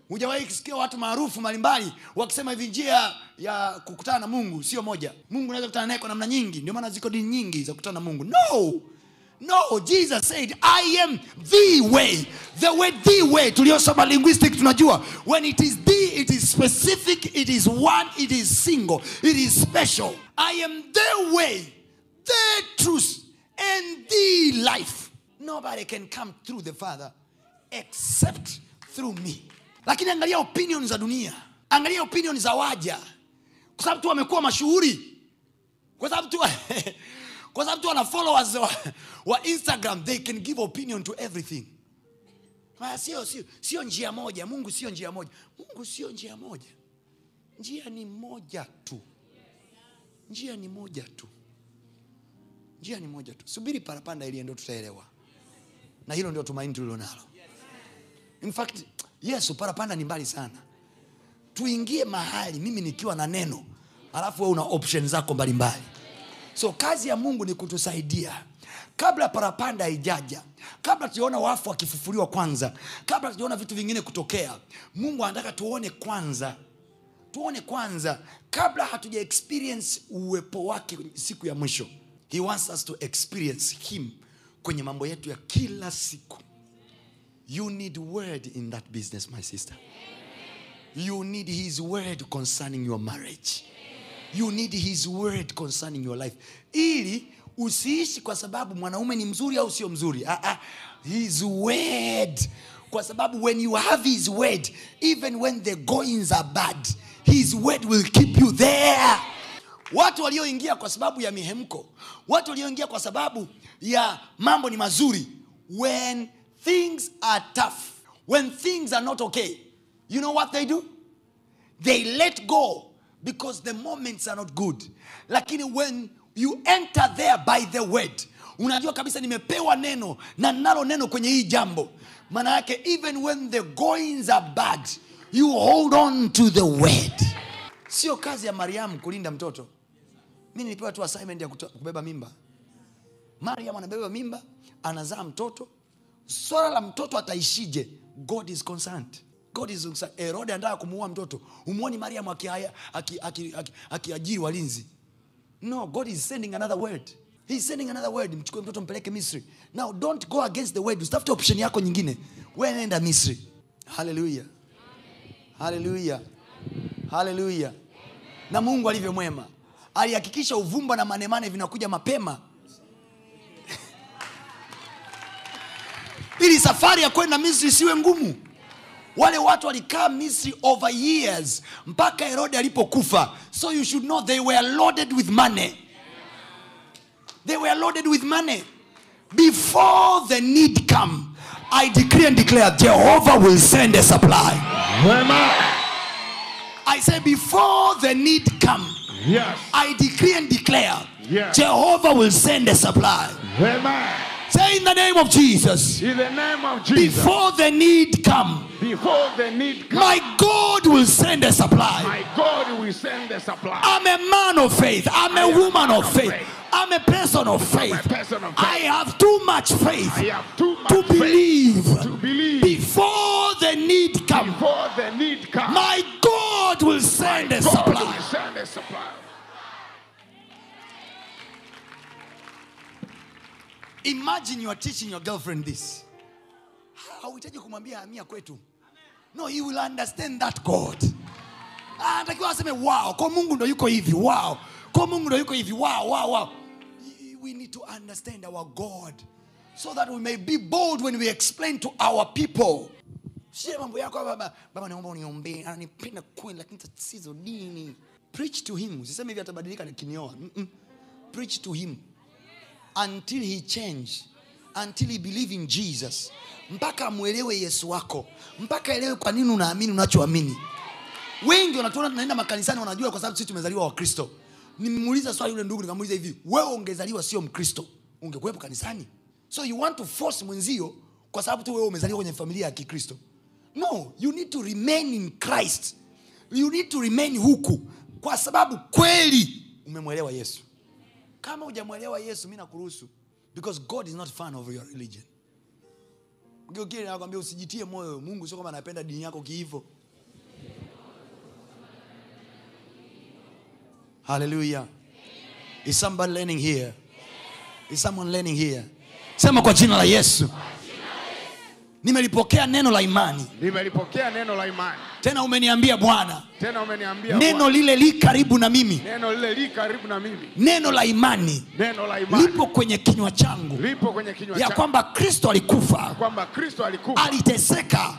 hujawahi kusikia watu maarufu mbalimbali wakisema hivi njia ya kukutana na mungu sio moja mungu unaweza kukutana naye kwa namna nyingi ndio maana ziko dini nyingi za kukutana na mungu no no jesus said i am the way the way the way tuliosoma linguistic tunajua when it is the it is specific it is one it is single it is special i am the way the truth and the life nobody can come through the father except through me lakini angalia opinion za dunia angalia opinion za waja kwa sababu tu wamekuwa mashuhuri kwa sababu tu <laughs> kwa sababu tu wana followers wa, wa instagram they can give opinion to everything sio sio sio njia moja mungu sio njia moja mungu sio njia moja njia ni moja tu njia ni moja tu njia ni moja tu subiri parapanda ili ndio tutaelewa na hilo ndio tumaini tulilo nalo. in fact yesu parapanda ni mbali sana tuingie mahali mimi nikiwa na neno alafu wewe una option zako mbalimbali mbali so kazi ya mungu ni kutusaidia kabla parapanda haijaja kabla tujaona wafu wakifufuliwa kwanza kabla tujaona vitu vingine kutokea mungu anataka tuone kwanza tuone kwanza kabla hatuja experience uwepo wake siku ya mwisho he wants us to experience him kwenye mambo yetu ya kila siku you need word in that business my sister you need his word concerning your marriage you need his word concerning your life ili usiishi kwa sababu mwanaume ni mzuri au sio mzuri ah, ah, his word kwa sababu when you have his word even when the goings are bad his word will keep you there watu walioingia kwa sababu ya mihemko watu walioingia kwa sababu ya mambo ni mazuri when things are tough when things are not okay you know what they do they let go because the moments are not good lakini when you enter there by the word unajua kabisa nimepewa neno na nalo neno kwenye hii jambo maana yake even when the goings are bad you hold on to the word sio kazi ya mariamu kulinda mtoto mi nilipewa tu assignment ya kubeba mimba mariam anabeba mimba anazaa mtoto swala la mtoto ataishije god is concerned Korti zilizungusana. Herode anataka kumuua mtoto. Umuoni Mariam akiajiri aki, aki, aki, aki walinzi? No, God is sending another word. He's sending another word. Mchukue mtoto mpeleke Misri. Now don't go against the word. Usitafute option yako nyingine. Wewe nenda Misri. Hallelujah. Hallelujah. Hallelujah. Na Mungu alivyo mwema. Alihakikisha uvumba na manemane vinakuja mapema. <laughs> Ili safari ya kwenda Misri isiwe ngumu. wale watu walikaa misri over years mpaka herode alipokufa so you should know they were loaded with money they were loaded with money before the need come i decree and declare jehovah will send a supply Wema. i say before the need come yes. i decree and declare yes. jehovah will send a supply Wema. Say in the name of Jesus. In the name of Jesus. Before the need come. Before the need come. My God will send a supply. My God will send a supply. I'm a man of faith. I'm I a woman of faith. faith. I'm a person of faith. Person of faith. I have too much faith too much to, believe to believe before the need come. Before the need come. My God will send, My a, God supply. Will send a supply. imagine you are teaching your girlfriend this hauhitaji kumwambia amia kwetu no he will understand that god anatakiwa aseme wow kwa mungu ndo yuko hivi wow kwa mungu ndo yuko hivi wow wow wow we need to understand our god so that we may be bold when we explain to our people sie mambo yako baba baba naomba uniombee ananipenda kweli lakini tatizo dini preach to him usiseme hivi atabadilika nikinioa preach to him until he change until he believe in jesus mpaka amwelewe yesu wako mpaka elewe kwa nini unaamini unachoamini wengi wanatuona tunaenda makanisani wanajua kwa sababu sisi tumezaliwa wakristo nimemuuliza swali yule ndugu nikamuuliza hivi wewe ungezaliwa sio mkristo ungekuwepo kanisani so you want to force mwenzio kwa sababu tu wewe umezaliwa kwenye familia ya kikristo no you need to remain in christ you need to remain huku kwa sababu kweli umemwelewa yesu kama hujamwelewa yesu mi nakuruhusu because god is not fan of your religion mgeukile nakwambia usijitie moyo mungu sio kwamba anapenda dini yako kiivo haleluya is somebody learning here yes. is someone learning here yes. sema kwa jina la yesu, yesu. nimelipokea neno la imani nimelipokea neno la imani tena umeniambia bwana neno lile li karibu na mimi neno, lile li karibu na mimi. neno la imani, neno la imani. lipo kwenye kinywa changu ya kwamba kristo alikufa aliteseka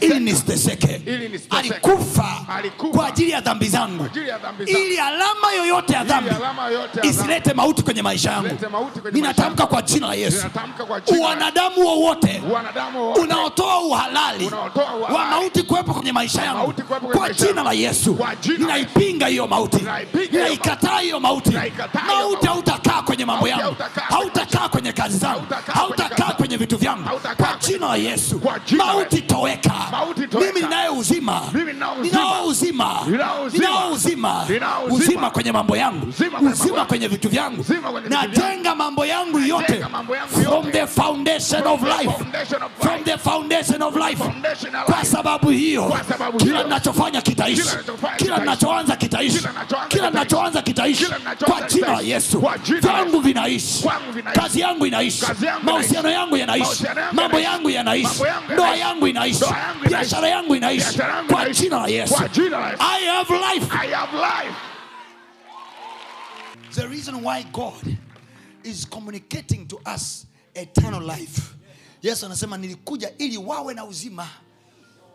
ili nisiteseke alikufa kwa ajili ya dhambi zangu ili alama yoyote ya dhambi isilete mauti kwenye maisha yangu ninatamka kwa jina la yesu wanadamu wowote unaotoa uhalali wa mauti kuwepo kwenye maisha maisha yangu kwa jina la Yesu. Ninaipinga hiyo mauti, ninaikataa hiyo mauti. Mauti hautakaa kwenye mambo yangu, hautakaa kwenye kazi zangu, hautakaa kwenye vitu vyangu kwa jina la Yesu. Mauti toweka. Mimi ninayo uzima, ninao uzima, ninao uzima, uzima kwenye mambo yangu, uzima kwenye vitu vyangu. Najenga mambo yangu yote from the foundation of life, from the foundation of life. Kwa sababu hiyo kila ninachofanya kitaishi kila ninachoanza kitaishi kila ninachoanza kitaishi kwa jina la yesu vyangu vinaishi kazi yangu inaishi mahusiano yangu yanaishi mambo yangu yanaishi ndoa yangu inaishi biashara yangu inaishi kwa jina la yesu i have life i have life the reason why god is communicating to us eternal life yesu anasema nilikuja ili wawe na uzima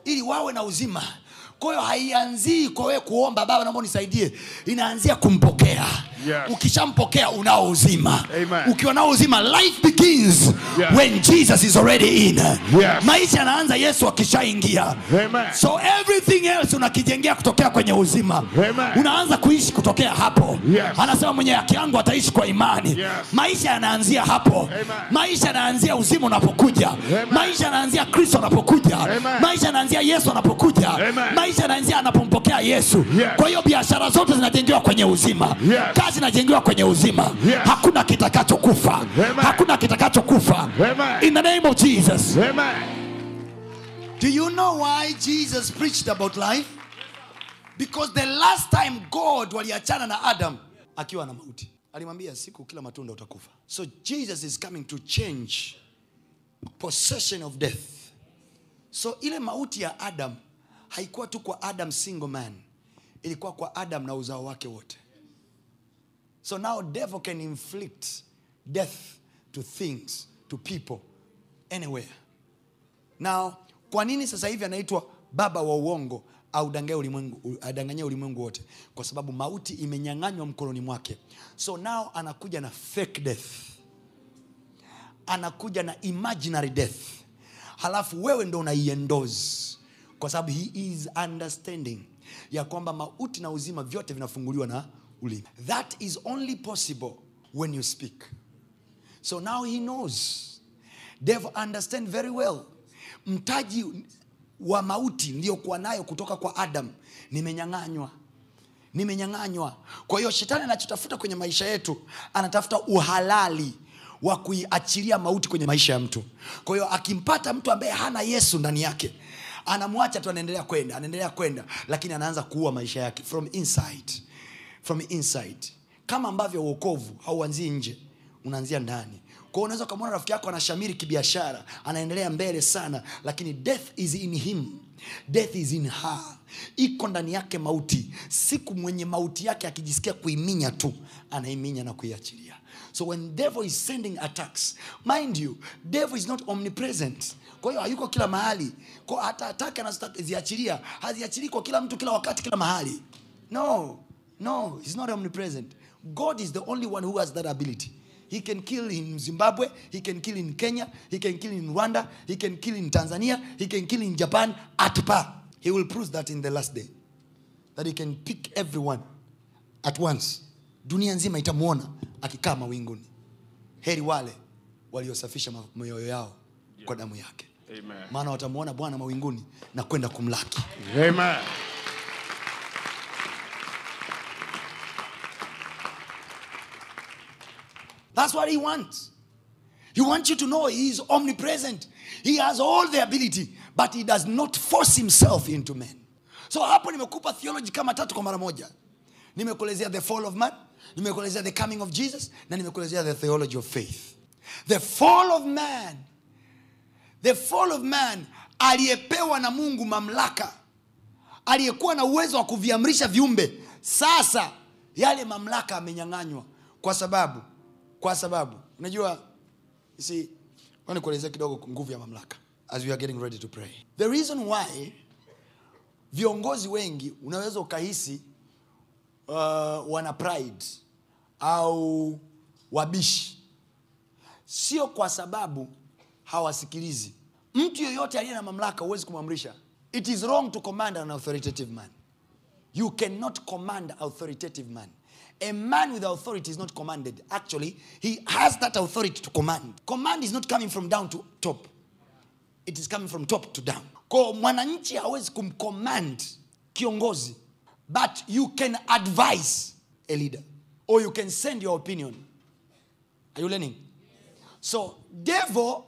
ili wawe na uzima kwa hiyo haianzii kwa wewe kuomba baba naomba unisaidie inaanzia kumpokea yes. ukishampokea unao uzima ukiwa nao uzima life begins yes. when jesus is already in yes. maisha yanaanza yesu akishaingia so everything else unakijengea kutokea kwenye uzima Amen. unaanza kuishi kutokea hapo yes. anasema mwenye haki yangu ataishi kwa imani yes. maisha yanaanzia hapo Amen. maisha yanaanzia uzima unapokuja maisha yanaanzia kristo anapokuja maisha yanaanzia yesu anapokuja maisha maisha yanaanzia anapompokea yesu yes. kwa hiyo biashara zote zinajengewa kwenye uzima yes. kazi inajengewa kwenye uzima yes. hakuna kitakachokufa hakuna kitakachokufa in the name of jesus Amen. Do you know why Jesus preached about life? Because the last time God waliachana na Adam akiwa na mauti. Alimwambia siku kila matunda utakufa. So Jesus is coming to change possession of death. So ile mauti ya Adam haikuwa tu kwa Adam single man, ilikuwa kwa Adam na uzao wake wote. So now devil can inflict death to things, to people, anywhere. Now, kwa nini sasa hivi anaitwa baba wa uongo audanganye ulimwengu, ulimwengu wote? Kwa sababu mauti imenyang'anywa mkononi mwake. So now anakuja na fake death, anakuja na imaginary death, halafu wewe ndo unaiendozi kwa sababu he is understanding ya kwamba mauti na uzima vyote vinafunguliwa na ulimi that is only possible when you speak so now he knows devil understand very well mtaji wa mauti niliyokuwa nayo kutoka kwa adam nimenyang'anywa nimenyang'anywa kwa hiyo shetani anachotafuta kwenye maisha yetu anatafuta uhalali wa kuiachilia mauti kwenye maisha ya mtu kwa hiyo akimpata mtu ambaye hana yesu ndani yake anamwacha tu, anaendelea kwenda, anaendelea kwenda, lakini anaanza kuua maisha yake from inside, from inside. Kama ambavyo uokovu hauanzii nje, unaanzia ndani. Kwa hiyo unaweza ukamwona rafiki yako anashamiri kibiashara, anaendelea mbele sana, lakini death is in him, death is in her, iko ndani yake mauti. Siku mwenye mauti yake akijisikia kuiminya tu, anaiminya na kuiachilia. So when devil is sending attacks, mind you, devil is not omnipresent kwa hiyo hayuko kila mahali, kwa hata atake anazoziachilia haziachilii kwa kila mtu, kila wakati, kila mahali. No, no, he's not omnipresent. God is the only one who has that ability. He can kill in Zimbabwe, he can kill in Kenya, he can kill in Rwanda, he can kill in Tanzania, he can kill in Japan at par. He will prove that in the last day. That he can pick everyone at once. Dunia nzima itamwona akikaa mawinguni. Heri wale waliosafisha mioyo yao kwa damu yake. Maana watamwona Bwana mawinguni na kwenda kumlaki. Amen. That's what he wants. He wants you to know he is omnipresent. He has all the ability, but he does not force himself into men. So hapo nimekupa theology kama tatu kwa mara moja. Nimekuelezea the fall of man, nimekuelezea the coming of Jesus, na nimekuelezea the theology of faith. The fall of man the fall of man aliyepewa na mungu mamlaka aliyekuwa na uwezo wa kuviamrisha viumbe sasa yale mamlaka amenyang'anywa kwa sababu kwa sababu unajua nikuelezea kidogo nguvu ya mamlaka as we are getting ready to pray the reason why viongozi wengi unaweza ukahisi uh, wana pride au wabishi sio kwa sababu hawasikilizi. Mtu yoyote aliye na mamlaka huwezi kumwamrisha. It is wrong to command an authoritative man. You cannot command authoritative man. A man with authority is not commanded. Actually, he has that authority to command. Command is not coming from down to top. It is coming from top to down. Kwa mwananchi hawezi kumcommand kiongozi, but you can advise a leader or you can send your opinion. Are you learning? So, devil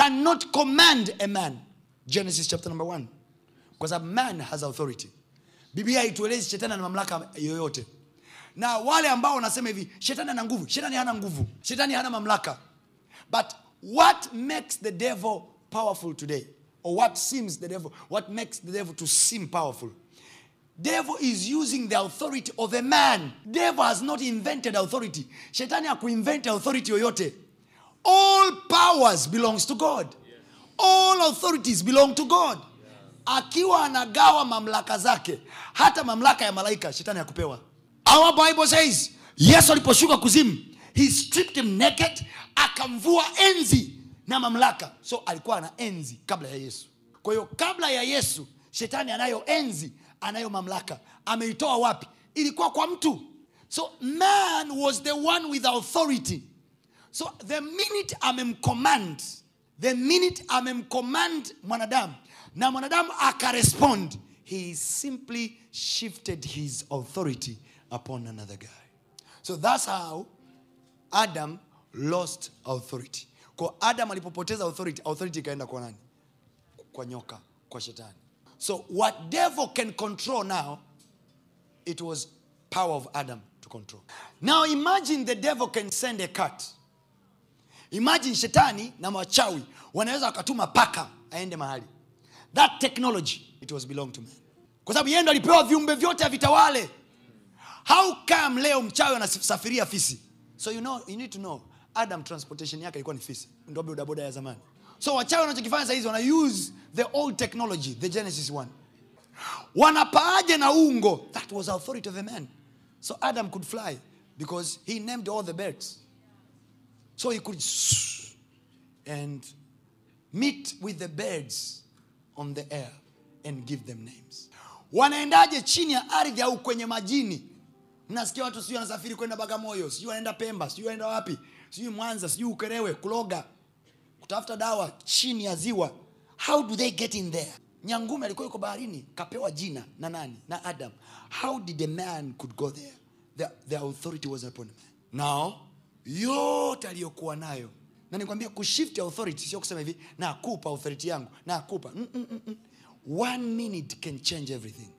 cannot command a man genesis chapter number one because a man has authority biblia haituelezi shetani ana mamlaka yoyote na wale ambao wanasema hivi shetani ana nguvu shetani hana nguvu shetani hana mamlaka but what makes the devil powerful today or what seems the devil what makes the devil to seem powerful devil is using the authority of a man devil has not invented authority shetani hakuinvent authority yoyote All powers belongs to God. All authorities belong to God. Akiwa anagawa mamlaka zake, hata mamlaka ya malaika shetani hakupewa. Our Bible says, Yesu aliposhuka kuzimu, he stripped him naked, akamvua enzi na mamlaka. So alikuwa na enzi kabla ya Yesu. Kwa hiyo kabla ya Yesu shetani anayo enzi, anayo mamlaka. Ameitoa wapi? Ilikuwa kwa mtu. So man was the one with authority So the minute I'm in command, the minute I'm in command, amemcommand mwanadamu I can respond. he simply shifted his authority upon another guy. So that's how Adam lost authority. Kwa Adam alipopoteza authority, authority ikaenda kwa nani? Kwa nyoka, kwa shetani. So what devil can control now, it was power of Adam to control. Now imagine the devil can send a cat imagine shetani na wachawi wanaweza wakatuma paka aende mahali that technology it was belong to man kwa sababu yeye alipewa viumbe vyote avitawale how come leo mchawi anasafiria fisi so you know, you need to know adam transportation yake ilikuwa ni fisi ndo bodaboda ya zamani so wachawi wanachokifanya sahizi wana use the old technology the genesis one wanapaaje na ungo that was authority of a man so adam could fly because he named all the birds So he could and meet with the birds on the air and give them names. Wanaendaje chini ya ardhi au kwenye majini? Nasikia watu sio wanasafiri kwenda Bagamoyo, sio wanaenda Pemba, sio wanaenda wapi, Sio Mwanza, sio Ukerewe, kuloga, kutafuta dawa chini ya ziwa. How do they get in there? Nyangume alikuwa yuko baharini, kapewa jina na nani? Na Adam. How did a man could go there? The, the authority was upon him. Now, yote aliyokuwa nayo na nikwambia kushift authority sio kusema hivi nakupa authority yangu nakupa mm, mm -mm -mm. one minute can change everything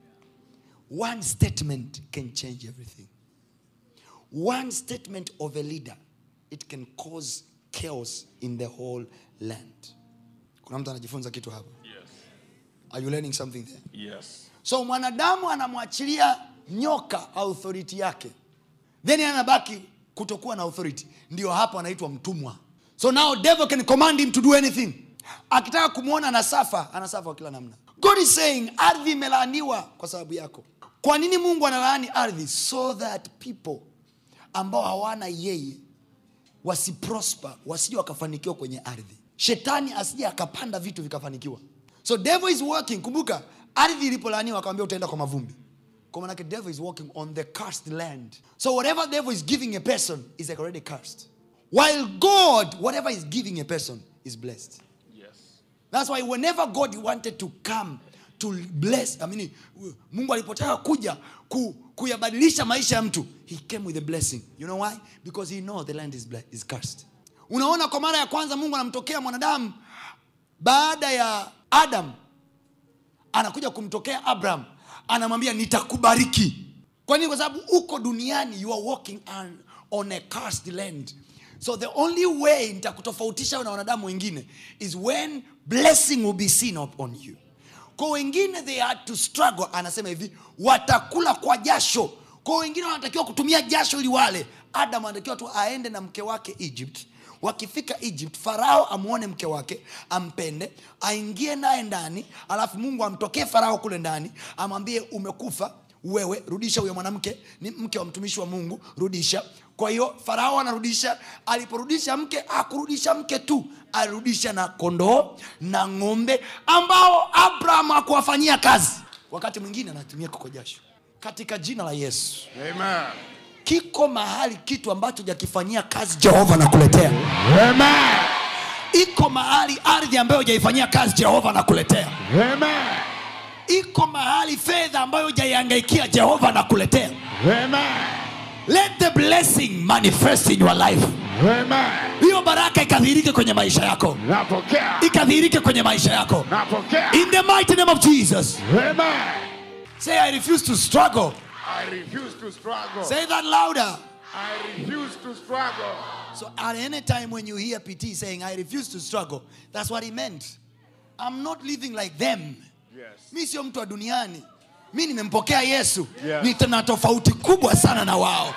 one statement can change everything one statement of a leader it can cause chaos in the whole land kuna mtu anajifunza kitu hapa yes. are you learning something there yes. so mwanadamu anamwachilia nyoka authority yake then anabaki kutokuwa na authority ndio hapo anaitwa mtumwa so now devil can command him to do anything akitaka kumwona anasafa anasafa kwa kila namna god is saying ardhi imelaaniwa kwa sababu yako kwa nini mungu analaani ardhi so that people ambao hawana yeye wasiprospe wasije wakafanikiwa kwenye ardhi shetani asije akapanda vitu vikafanikiwa so devil is working kumbuka ardhi ilipolaaniwa akawambia utaenda kwa mavumbi Come like a devil is walking on the cursed land. So whatever devil is giving a person is like already cursed. While God, whatever is giving a person is blessed. Yes. That's why whenever God wanted to come to bless, I mean, Mungu alipotaka kuja ku, kuyabadilisha maisha mtu, he came with a blessing. You know why? Because he know the land is, blessed, is cursed. Unaona kwa mara ya kwanza Mungu anamtokea mwanadamu baada ya Adam anakuja kumtokea Abraham anamwambia nitakubariki kwa nini kwa sababu uko duniani you are walking on, on a cursed land so the only way nitakutofautisha na wanadamu wengine is when blessing will be seen upon you kwa wengine they had to struggle anasema hivi watakula kwa jasho kwa wengine wanatakiwa kutumia jasho ili wale adam anatakiwa tu aende na mke wake egypt wakifika Egypt, Farao amwone mke wake, ampende, aingie naye ndani, alafu Mungu amtokee Farao kule ndani, amwambie umekufa wewe, rudisha huyo mwanamke, ni mke wa mtumishi wa Mungu, rudisha. Kwa hiyo Farao anarudisha. Aliporudisha mke, akurudisha mke tu, alirudisha na kondoo na ng'ombe ambao Abraham akuwafanyia kazi. Wakati mwingine anatumia koko jasho katika jina la Yesu, amen kiko mahali kitu ambacho jakifanyia kazi jehova nakuletea Amen. iko mahali ardhi ambayo jaifanyia kazi jehova nakuletea Amen. iko mahali fedha ambayo jaihangaikia jehova nakuletea Amen. let the blessing manifest in your life hiyo baraka ikadhihirike kwenye maisha yako ikadhihirike kwenye maisha yako in the mighty name of jesus Amen. say i refuse to struggle I refuse to struggle. Say that louder. I refuse to struggle. So at any time when you hear PT saying, I refuse to struggle, that's what he meant. I'm not living like them. Yes. Mi sio mtu wa Mi nimempokea Yesu. Yes. Nina tofauti kubwa sana na wao.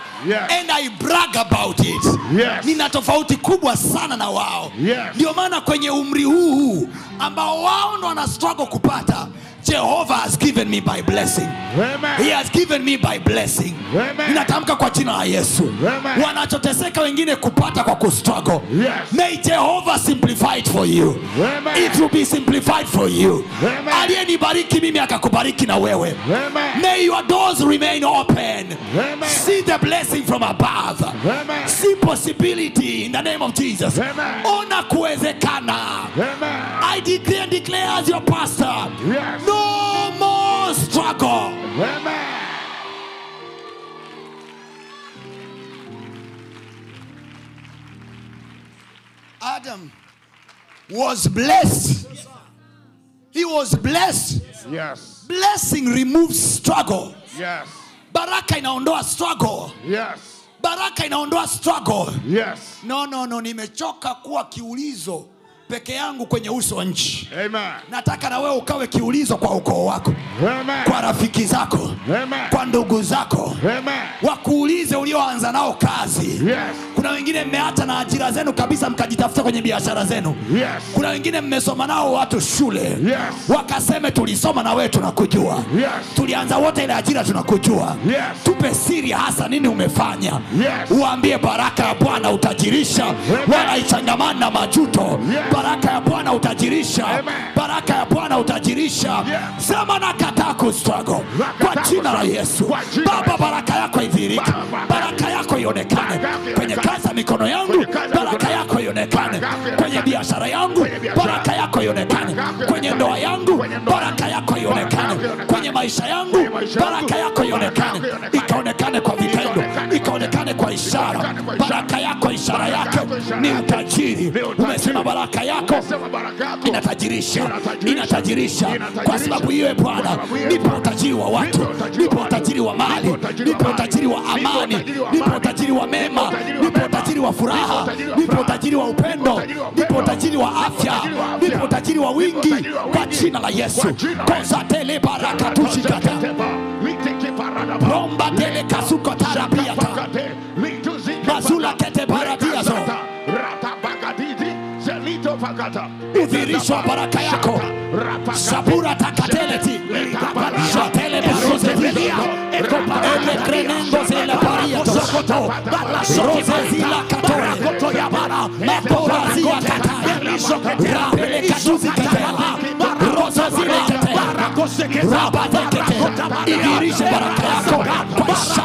And I brag about it. Yes. Nina tofauti kubwa sana na wao. Ndio maana kwenye umri huu huu ambao wao ndo wana struggle kupata Jehovah has given me by blessing. Amen. He has given me by blessing. Ninatamka kwa jina la Yesu. Amen. Wanachoteseka wengine kupata kwa kustruggle. Yes. May Jehovah simplify it for you. Amen. It will be simplified for you. Aliyenibariki mimi akakubariki na wewe. Amen. May your doors remain open. Amen. See the blessing from above. Amen. See possibility in the name of Jesus. Amen. Ona kuwezekana. Amen. I declare declare as your pastor. Yes. No No more struggle. Amen. Adam was blessed. he was blessed. Yes. Blessing removes struggle. Yes. Baraka inaondoa struggle. Yes. Baraka inaondoa struggle. Yes. No, no, no, nimechoka kuwa kiulizo peke yangu kwenye uso wa nchi nataka na wewe ukawe kiulizo kwa ukoo wako Amen. kwa rafiki zako Amen. kwa ndugu zako wakuulize ulioanza nao kazi yes. kuna wengine mmeacha na ajira zenu kabisa mkajitafuta kwenye biashara zenu yes. kuna wengine mmesoma nao watu shule yes. wakaseme tulisoma na wewe tunakujua yes. tulianza wote ile ajira tunakujua yes. tupe siri hasa nini umefanya yes. uambie baraka ya bwana utajirisha wala ichangamani na majuto yes baraka ya Bwana utajirisha, baraka ya Bwana utajirisha. sema na nakataa kustruggle kwa jina la Yesu. Baba, baraka yako idhirike, baraka yako ionekane kwenye kazi ya mikono yangu, baraka yako ionekane kwenye biashara yangu, baraka yako ionekane kwenye ndoa yangu, baraka yako ionekane kwenye maisha yangu, baraka yako ionekane, ikaonekane kwa vitendo, ikaonekane kwa ishara. Baraka yako, ishara yake ni utajiri. Umesema baraka yako inatajirisha inatajirisha kwa sababu iwe bwana nipo utajiri wa watu nipo utajiri wa mali nipo utajiri wa amani nipo utajiri wa mema nipo utajiri wa furaha nipo utajiri wa upendo nipo utajiri wa afya nipo utajiri wa wingi kwa jina la yesu kozatele barakatushikata romba tele kasuko mazula kete baradiazo udhirisho wa baraka yako sabura takateleti atelebrozezilia ekopaele krenengo zelapariatooto balasozezila katore ekorazia kataya rapelekajuzi katela rozazile rabatekete idirishe baraka yako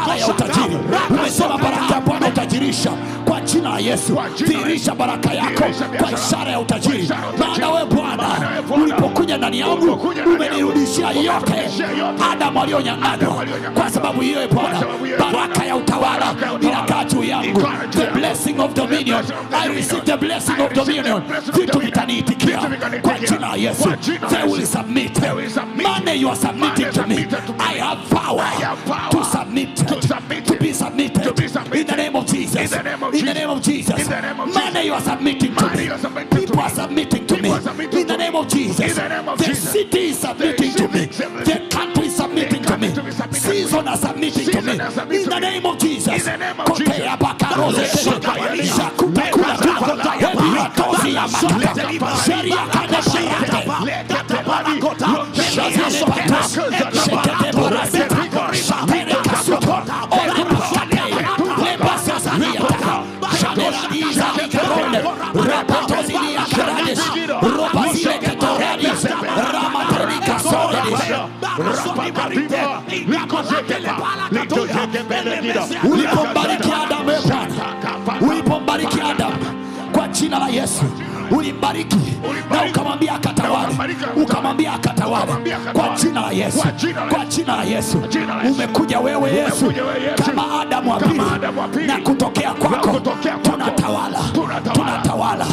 kwa ya utajiri umesema baraka ya bwana utajirisha jina la Yesu, dhihirisha baraka yako kwa ishara ya utajiri, maana we Bwana ulipokuja ndani yangu umenirudishia yote Adamu aliyonyang'anywa, kwa sababu hiyo Bwana baraka ya utawala inakaa juu yangu, the blessing of dominion. I receive the blessing of dominion, vitu vitaniitikia kwa jina la Yesu. They will submit money you are submitting to me. I have power to submit submitted. To be submitted. In the name of Jesus. In the name of, Jesus. my name you are submitting to. me. People are submitting to me. In the name of Jesus. the city is submitting to me. The country is submitting to me. Season are submitting to me. In the name of Jesus. In the name of Jesus. Riata, Jadela Iza Likarone, Rapatosini Akaradis, Ropasile Katoradis, Ramatoni Kasoradis, Rapaparite, Likosepela, Likosepela, Likosepela, Likosepela, Likosepela, Likosepela, Likosepela, Likosepela, jina la Yesu ulimbariki na ukamwambia akatawale, ukamwambia akatawale kwa jina la Yesu, kwa jina la Yesu. Umekuja wewe Yesu kama Adamu wa pili, na kutokea kwako tunatawala, tunatawala,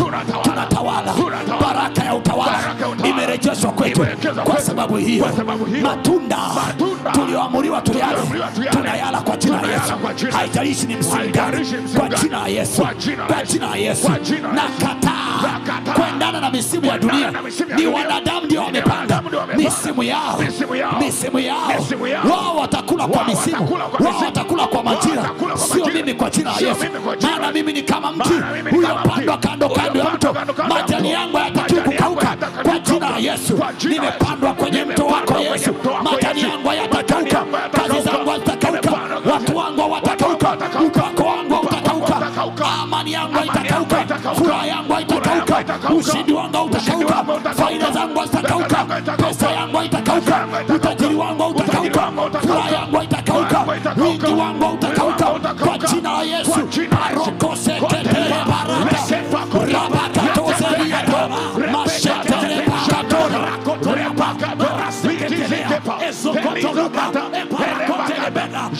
tunatawala. Baraka ya utawala imerejeshwa wetu. Kwa sababu hiyo matunda tulioamuriwa tuyale tunayala kwa jina la Yesu, haijalishi ni msimu gani, kwa jina la Yesu, kwa jina la Yesu. Nakataa kuendana na misimu ya dunia. Ni wanadamu ndio wamepanga misimu yao, misimu yao. Wao watakula kwa misimu, wao watakula kwa majira, sio mimi, kwa jina la Yesu. Maana mimi ni kama mti uliopandwa kando kando ya mto, majani yangu hayatakiwi kukauka, kwa jina la Yesu nimepandwa kwenye mto wako Yesu. Matani yangu yatakauka, kazi zangu zitakauka, watu wangu watakauka, upako wangu utakauka, amani yangu itakauka, furaha yangu itakauka, ushindi wangu utakauka, faida zangu zitakauka, pesa yangu itakauka, utajiri wangu utakauka, furaha yangu itakauka, wingi wangu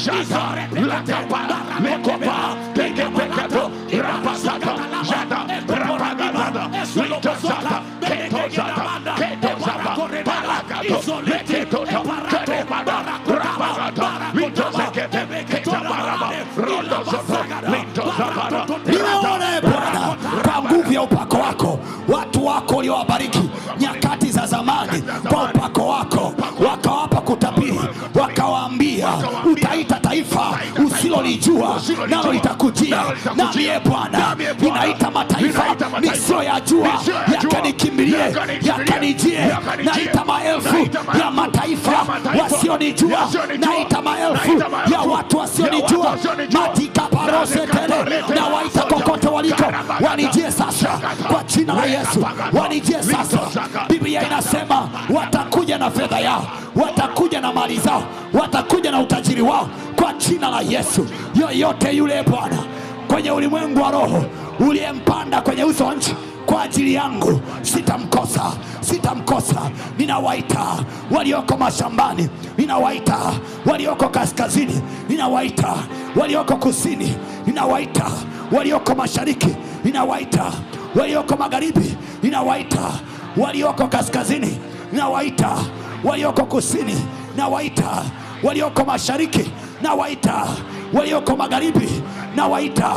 Jada, Latepa, Mekopa, Pekepeketo, Rapasata, Jada, Rapagada, Litosata, Ketosata, Ketosata, Palakato, Leketota, Keremada, Rapagata, Mitosekete, Ketabaraba, Rodosoto, Litosabara, Nimeona eh, Bwana kwa nguvu ya upako wako watu wako uliowabariki nyakati za zamani kwa upako wako wakawapa kutabiri utaita taifa usilolijua nalo litakujia. Namie Bwana ninaita mataifa jua yakanikimbilie, yakanijie. Naita maelfu ya mataifa wasionijua, naita maelfu ya watu wasionijua matikaparosetele, na waita kokote waliko wanijie sasa, kwa jina la Yesu wanijie sasa. Biblia inasema watakuja na fedha yao, watakuja na mali zao, watakuja na utajiri wao kwa jina la Yesu. Yoyote yule Bwana kwenye ulimwengu wa roho uliyempanda kwenye uso wa nchi kwa ajili yangu, sitamkosa, sitamkosa. Ninawaita walioko mashambani, ninawaita walioko kaskazini, ninawaita walioko kusini, ninawaita walioko mashariki, ninawaita walioko magharibi, ninawaita walioko kaskazini, ninawaita walioko kusini, ninawaita walioko mashariki nawaita walioko magharibi, nawaita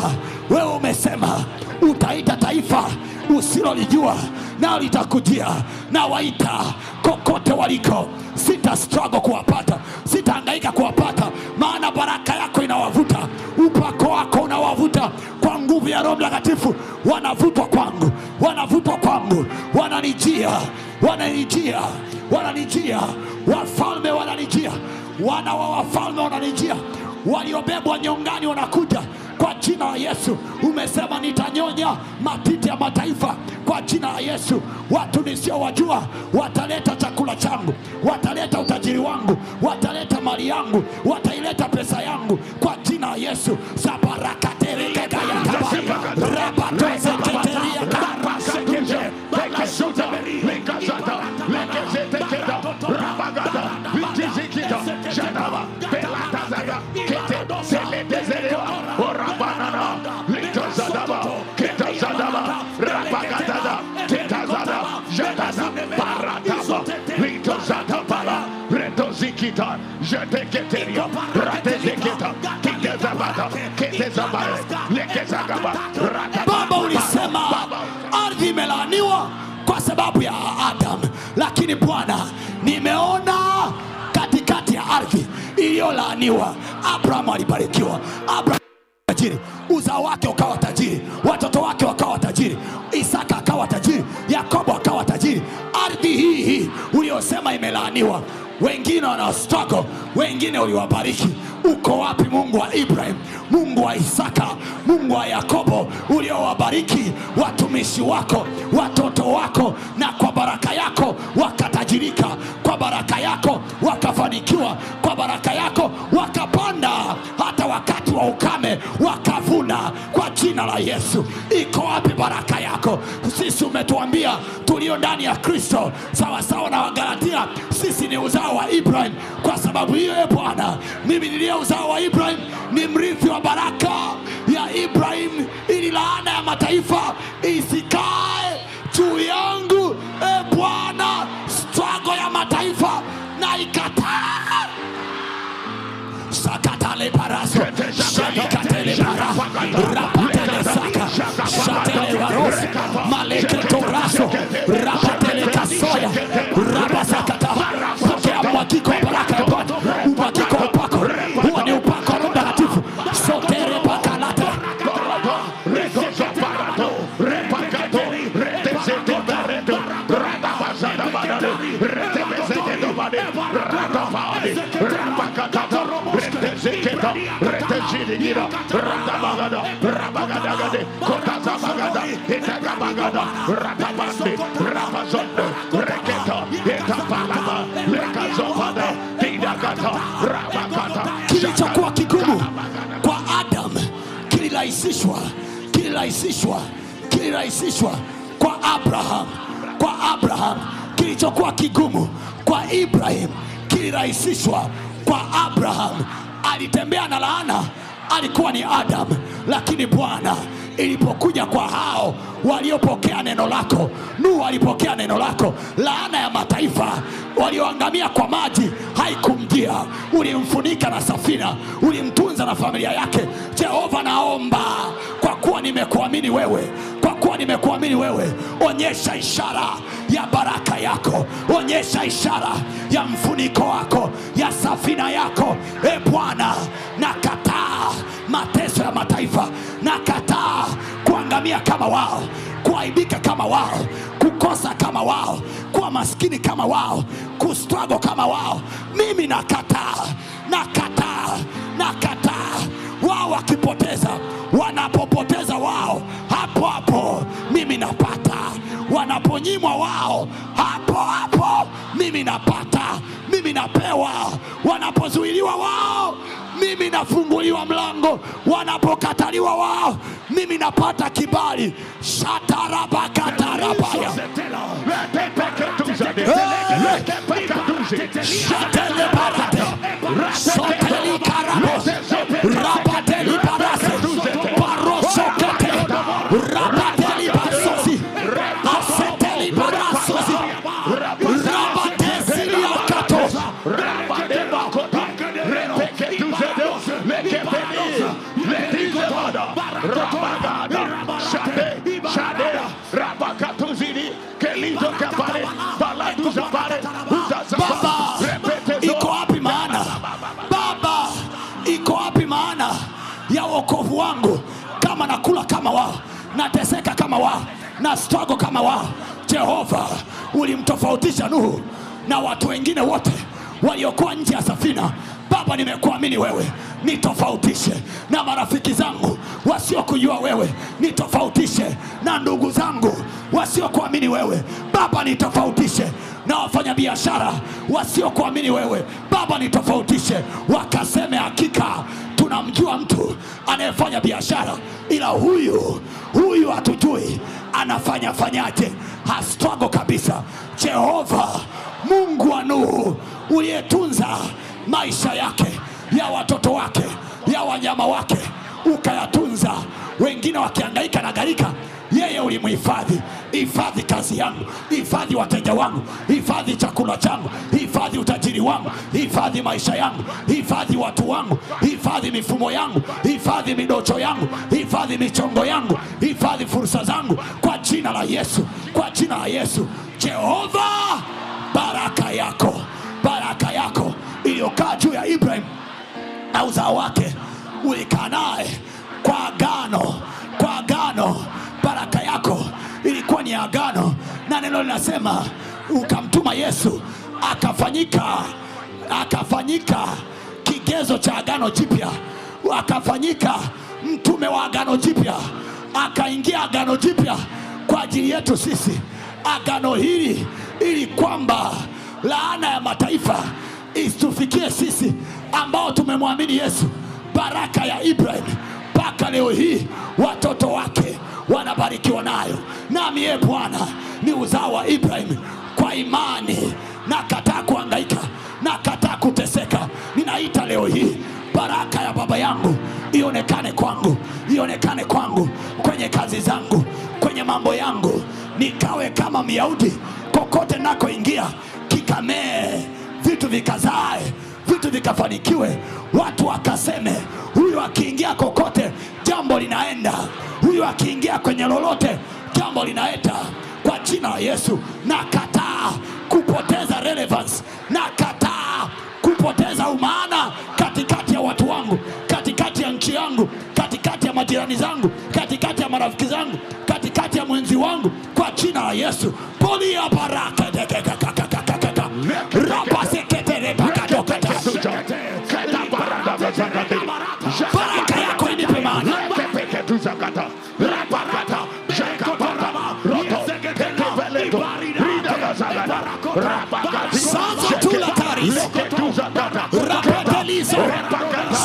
wewe. Umesema utaita taifa usilolijua nao litakujia, nawaita kokote waliko. Sita struggle kuwapata, sitahangaika kuwapata, maana baraka yako inawavuta, upako wako unawavuta kwa nguvu ya Roho Mtakatifu. Wanavutwa kwangu, wanavutwa kwangu, wananijia, wananijia, wananijia, wafalme wananijia wana wa wafalme wananijia, waliobebwa nyongani wanakuja kwa jina la Yesu. Umesema nitanyonya matiti ya mataifa kwa jina la Yesu. Watu nisiowajua wataleta chakula changu, wataleta utajiri wangu, wataleta mali yangu, wataileta pesa yangu kwa jina la Yesu sabarakaterekekayakaba rabatozeketeriakaba Rapagadada, Tetazada, Jataza, Parataba, Litozada Pala, Retozikita, Jeteketeria, Ratezeketa, Kitezabada, Ketezabale, Lekezagaba, Baba ulisema ardhi imelaaniwa kwa sababu ya Adam, lakini Bwana nimeona katikati ya ardhi iliyolaaniwa. Abrahamu alibarikiwa, Abrahamu tajiri, uzao wake sema imelaaniwa wengine wana struggle, wengine uliwabariki. Uko wapi Mungu wa Ibrahim, Mungu wa Isaka, Mungu wa Yakobo, uliowabariki watumishi wako, watoto wako, na kwa baraka yako wakatajirika, kwa baraka yako wakafanikiwa, kwa baraka yako wakapanda, hata wakati wa ukame wakavuna kwa jina la Yesu. Iko wapi baraka yako? Sisi umetuambia tulio ndani ya Kristo sawasawa na Wagalatia, sisi ni uzao wa Ibrahim. Kwa sababu hiyo, e Bwana, mimi niliye uzao wa Ibrahim ni mrithi wa baraka ya Ibrahim, ili laana ya mataifa isikae juu yangu. E Bwana, struggle ya mataifa na ikataa Katale Baras, Shali Katele Bara, Rapatele Saka, Shatele Baros, Malekre Toraso, Rapatele Kasoya, Rabasakata, porque a mão aqui com braca, o mão aqui com o paco, o anel paco no negativo, soltere bacalata. Rapa Zeketa, Retejidira, Ratabagada, Rabagada, Kotabagada, Etabagada, Ratabande, Rabazondo, Reketa, Etapalaba, Lekazovada, Tidakata, Rabakata, Kilicha kwa kigumu kwa Adam kilirahisishwa, kilirahisishwa, kilirahisishwa kwa Abraham, kwa Abraham kilichokuwa kigumu kwa Ibrahim kilirahisishwa kwa Abraham alitembea na laana alikuwa ni Adamu, lakini Bwana ilipokuja kwa hao waliopokea neno lako, Nuhu alipokea neno lako, laana ya mataifa walioangamia kwa maji haikumjia. Ulimfunika na safina, ulimtunza na familia yake. Jehova, naomba kwa kuwa nimekuamini wewe kwa kuwa nimekuamini wewe, onyesha ishara ya baraka yako, onyesha ishara ya mfuniko wako, ya safina yako. E Bwana, nakataa mateso ya mataifa, nakataa kuangamia kama wao, kuaibika kama wao, kukosa kama wao, kuwa maskini kama wao, kustrago kama wao. Mimi nakataa, nakataa, nakataa wao wakipotea hapo hapo mimi napata, wanaponyimwa wao hapo hapo mimi napata, mimi napewa, wanapozuiliwa wao mimi nafunguliwa mlango, wanapokataliwa wao mimi napata kibali. shatarabakatarabaya Rapateli Basosi, Aseteli Barasosi, Rabatesili Akato, Rabadeva Kotak, Repeketuzedos, Lekepeni, Letigovada, Rabagada, Shade, Shade, Rabakatuzini, Kelito Kapare, Balatuzapare, na struggle kama wa Jehova, ulimtofautisha Nuhu na watu wengine wote waliokuwa nje ya safina. Baba, nimekuamini wewe, nitofautishe na marafiki zangu wasiokujua wewe, nitofautishe na ndugu zangu wasiokuamini wewe. Baba, nitofautishe na wafanyabiashara wasiokuamini wewe. Baba, nitofautishe wakaseme, hakika tunamjua mtu anayefanya biashara, ila huyu huyu hatujui anafanya fanyaje, hastwago kabisa. Jehova Mungu wa Nuhu, uliyetunza maisha yake ya watoto wake ya wanyama wake ukayatunza, wengine wakihangaika na garika yeye ulimhifadhi. Hifadhi kazi yangu, hifadhi wateja wangu, hifadhi chakula changu, hifadhi utajiri wangu, hifadhi maisha yangu, hifadhi watu wangu, hifadhi mifumo yangu, hifadhi midocho yangu, hifadhi michongo yangu, hifadhi fursa zangu kwa jina la Yesu, kwa jina la Yesu. Jehova, baraka yako, baraka yako iliyokaa juu ya Ibrahim na uzao wake ulikaa naye kwa agano, kwa agano ndani ya agano, na neno linasema ukamtuma Yesu akafanyika akafanyika kigezo cha agano jipya, akafanyika mtume wa agano jipya, akaingia agano jipya kwa ajili yetu sisi, agano hili ili kwamba laana ya mataifa isitufikie sisi ambao tumemwamini Yesu, baraka ya Ibrahim mpaka leo hii watoto wake wanabarikiwa nayo. Nami ye ee Bwana ni uzao wa Ibrahim kwa imani, nakataa kuhangaika, kataa kuteseka. Ninaita leo hii baraka ya baba yangu ionekane kwangu, ionekane kwangu, kwenye kazi zangu, kwenye mambo yangu, nikawe kama Myahudi kokote nakoingia, kikamee, vitu vikazae, vitu vikafanikiwe, watu wakaseme, huyu akiingia kokote jambo linaenda. Huyu akiingia kwenye lolote, jambo linaenda kwa jina la Yesu. Nakataa kupoteza relevance, nakataa kupoteza umaana katikati ya watu wangu, katikati ya nchi yangu, katikati ya majirani zangu, katikati ya marafiki zangu, katikati ya mwenzi wangu, kwa jina la Yesu. polia baraka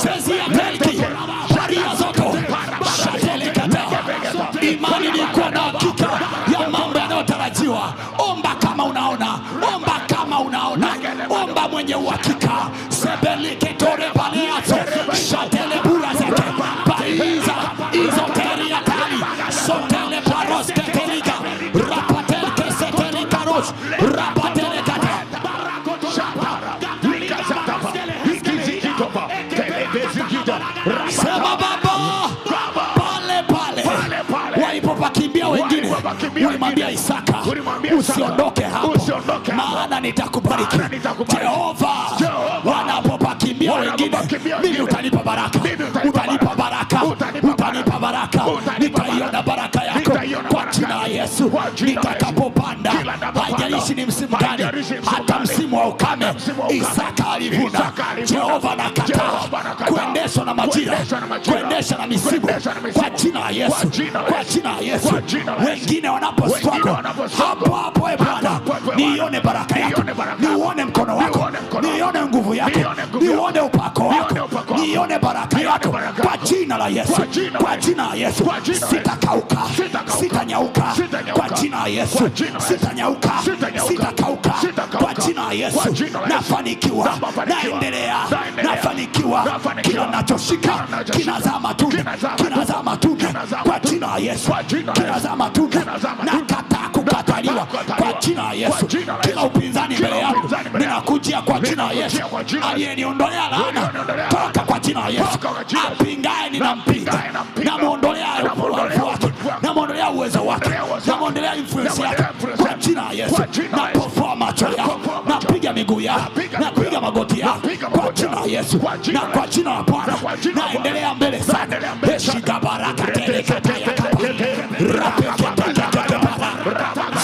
sezia benki haria zako shatelekata. Imani ni kuwa na hakika ya mambo yanayotarajiwa. Omba kama unaona, omba kama unaona, omba mwenye uhakika sebeliketorepaleato ulimwambia Isaka, usiondoke hapo, maana nitakubariki. Jehova, wanapopakimbia wengine, mimi utanipa baraka, utanipa baraka, utanipa baraka, nitaiona baraka Yesu, nitakapopanda, haijalishi ni msimu gani, hata msimu wa ukame, Isaka alivuna. Jehova nakataa kuendeshwa na majira, kuendesha na misimu, kwa jina la Yesu, kwa jina la Yesu. Wengine wanaposwako hapo hapo, e Bwana, ee niione baraka yako, niuone mkono wako, nione nguvu yako, niuone upako wako, nione baraka yako, kwa jina la Yesu, kwa jina la Yesu, sitakauka, sitanyauka kwa jina ya Yesu sitanyauka, sitakauka kwa jina ya Yesu. Nafanikiwa, naendelea, nafanikiwa. Kila nachoshika kinazaa matunda, kinazaa matunda kwa jina la Yesu, kinazaa matunda nakata kuzaliwa kwa jina la Yesu. Kila upinzani mbele yangu ninakujia kwa jina la Yesu. Aliyeniondolea laana toka kwa jina la Yesu. Apingaye ninampinga, namwondolea uwezo wake, namwondolea uwezo wake, namwondolea influence yake kwa jina la Yesu. Napofoa macho yao, napiga miguu yao, napiga magoti yao kwa jina la Yesu na kwa jina la Bwana naendelea mbele sana. Heshika baraka telekatayakapa rapeketekatekapara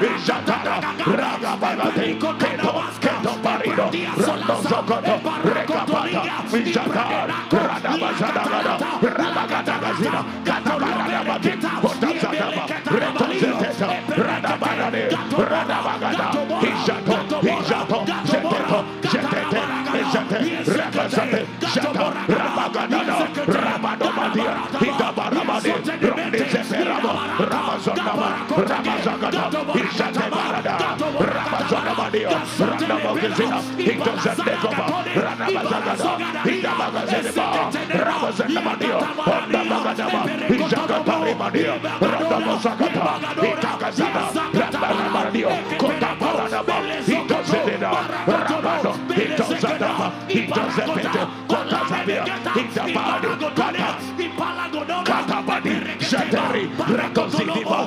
Jatata, Raga Bagate, Coteto, Keto Parido, Rondo Socoto, Recapata, Mijata, Rada Bajada, Rabagata Gazina, Catalana Rabakita, Potazataba, Retozeta, Rada Bagade, Rada Bagada, Hijato, Hijato, Jeteto, Jetete, Jete, Rakazate, Jata, Rabagada, Rabadomatia, Rabazonama, Rabazagada, Rekoziliva,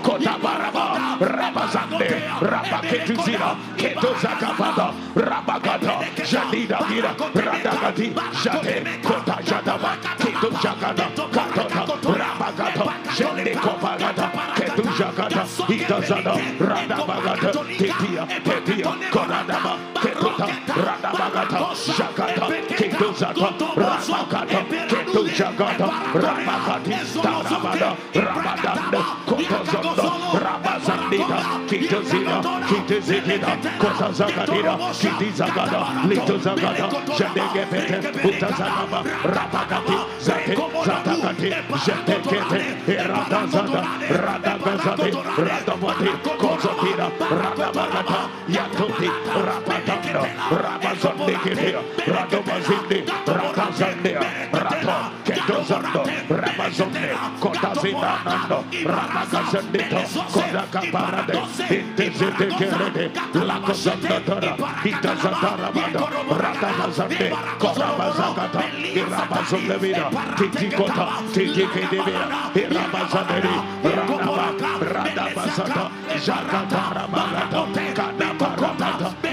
kota baraba Rabazande, Rabaketuzina, Ketozakabada, Rabakata, Jadida Gira, Radagati, jade Kota Jadaba, Ketu Jagada, Katota, Rabagata, Jene Kopagata, Ketu Jagada, Itazada, Radabagata, Tetia, Tetia, Koradaba, Ketuta, Radabagata, Rakata, Shakata, Kindu Zaka, Ramakata, Kindu Shakata, Ramakati, Tarabada, Ramadanda, Kotozondo, Rabazandida, Kitazina, Kitazikina, Kotazakadina, Kitizagada, Litozagada, Shadegepete, Utazanaba, Rapakati, Zate, Zatakati, Shetekete, Eradazada, Radagazade, Radabati, Dikiri, Rato Rato,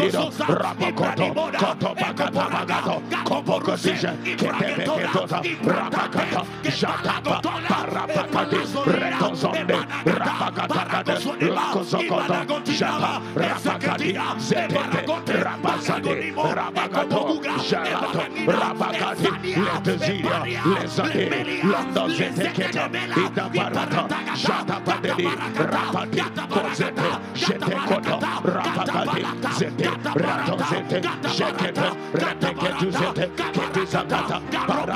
Bandida, Rabacoto, Cotopaca, Paragato, Zete. Ratosete, Jacquette, Rateketuzete, Ketuzatata,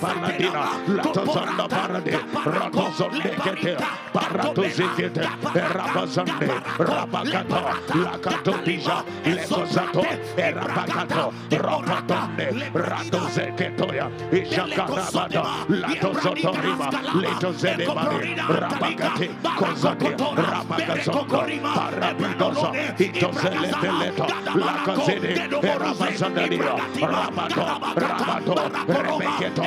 paradina, latozanda parade, ratozonde kete, paratozikete, rabazande, rabakato, lakato bija, lekozato, erabakato, rokatonde, ratozeketoya, ijakarabada, latozotoriba, letozedebare, rabakate, kozate, rabakazondo, parabidosa, itozeleteleta, lakazede, erabazandaria, rabato, rabato, rebeketo,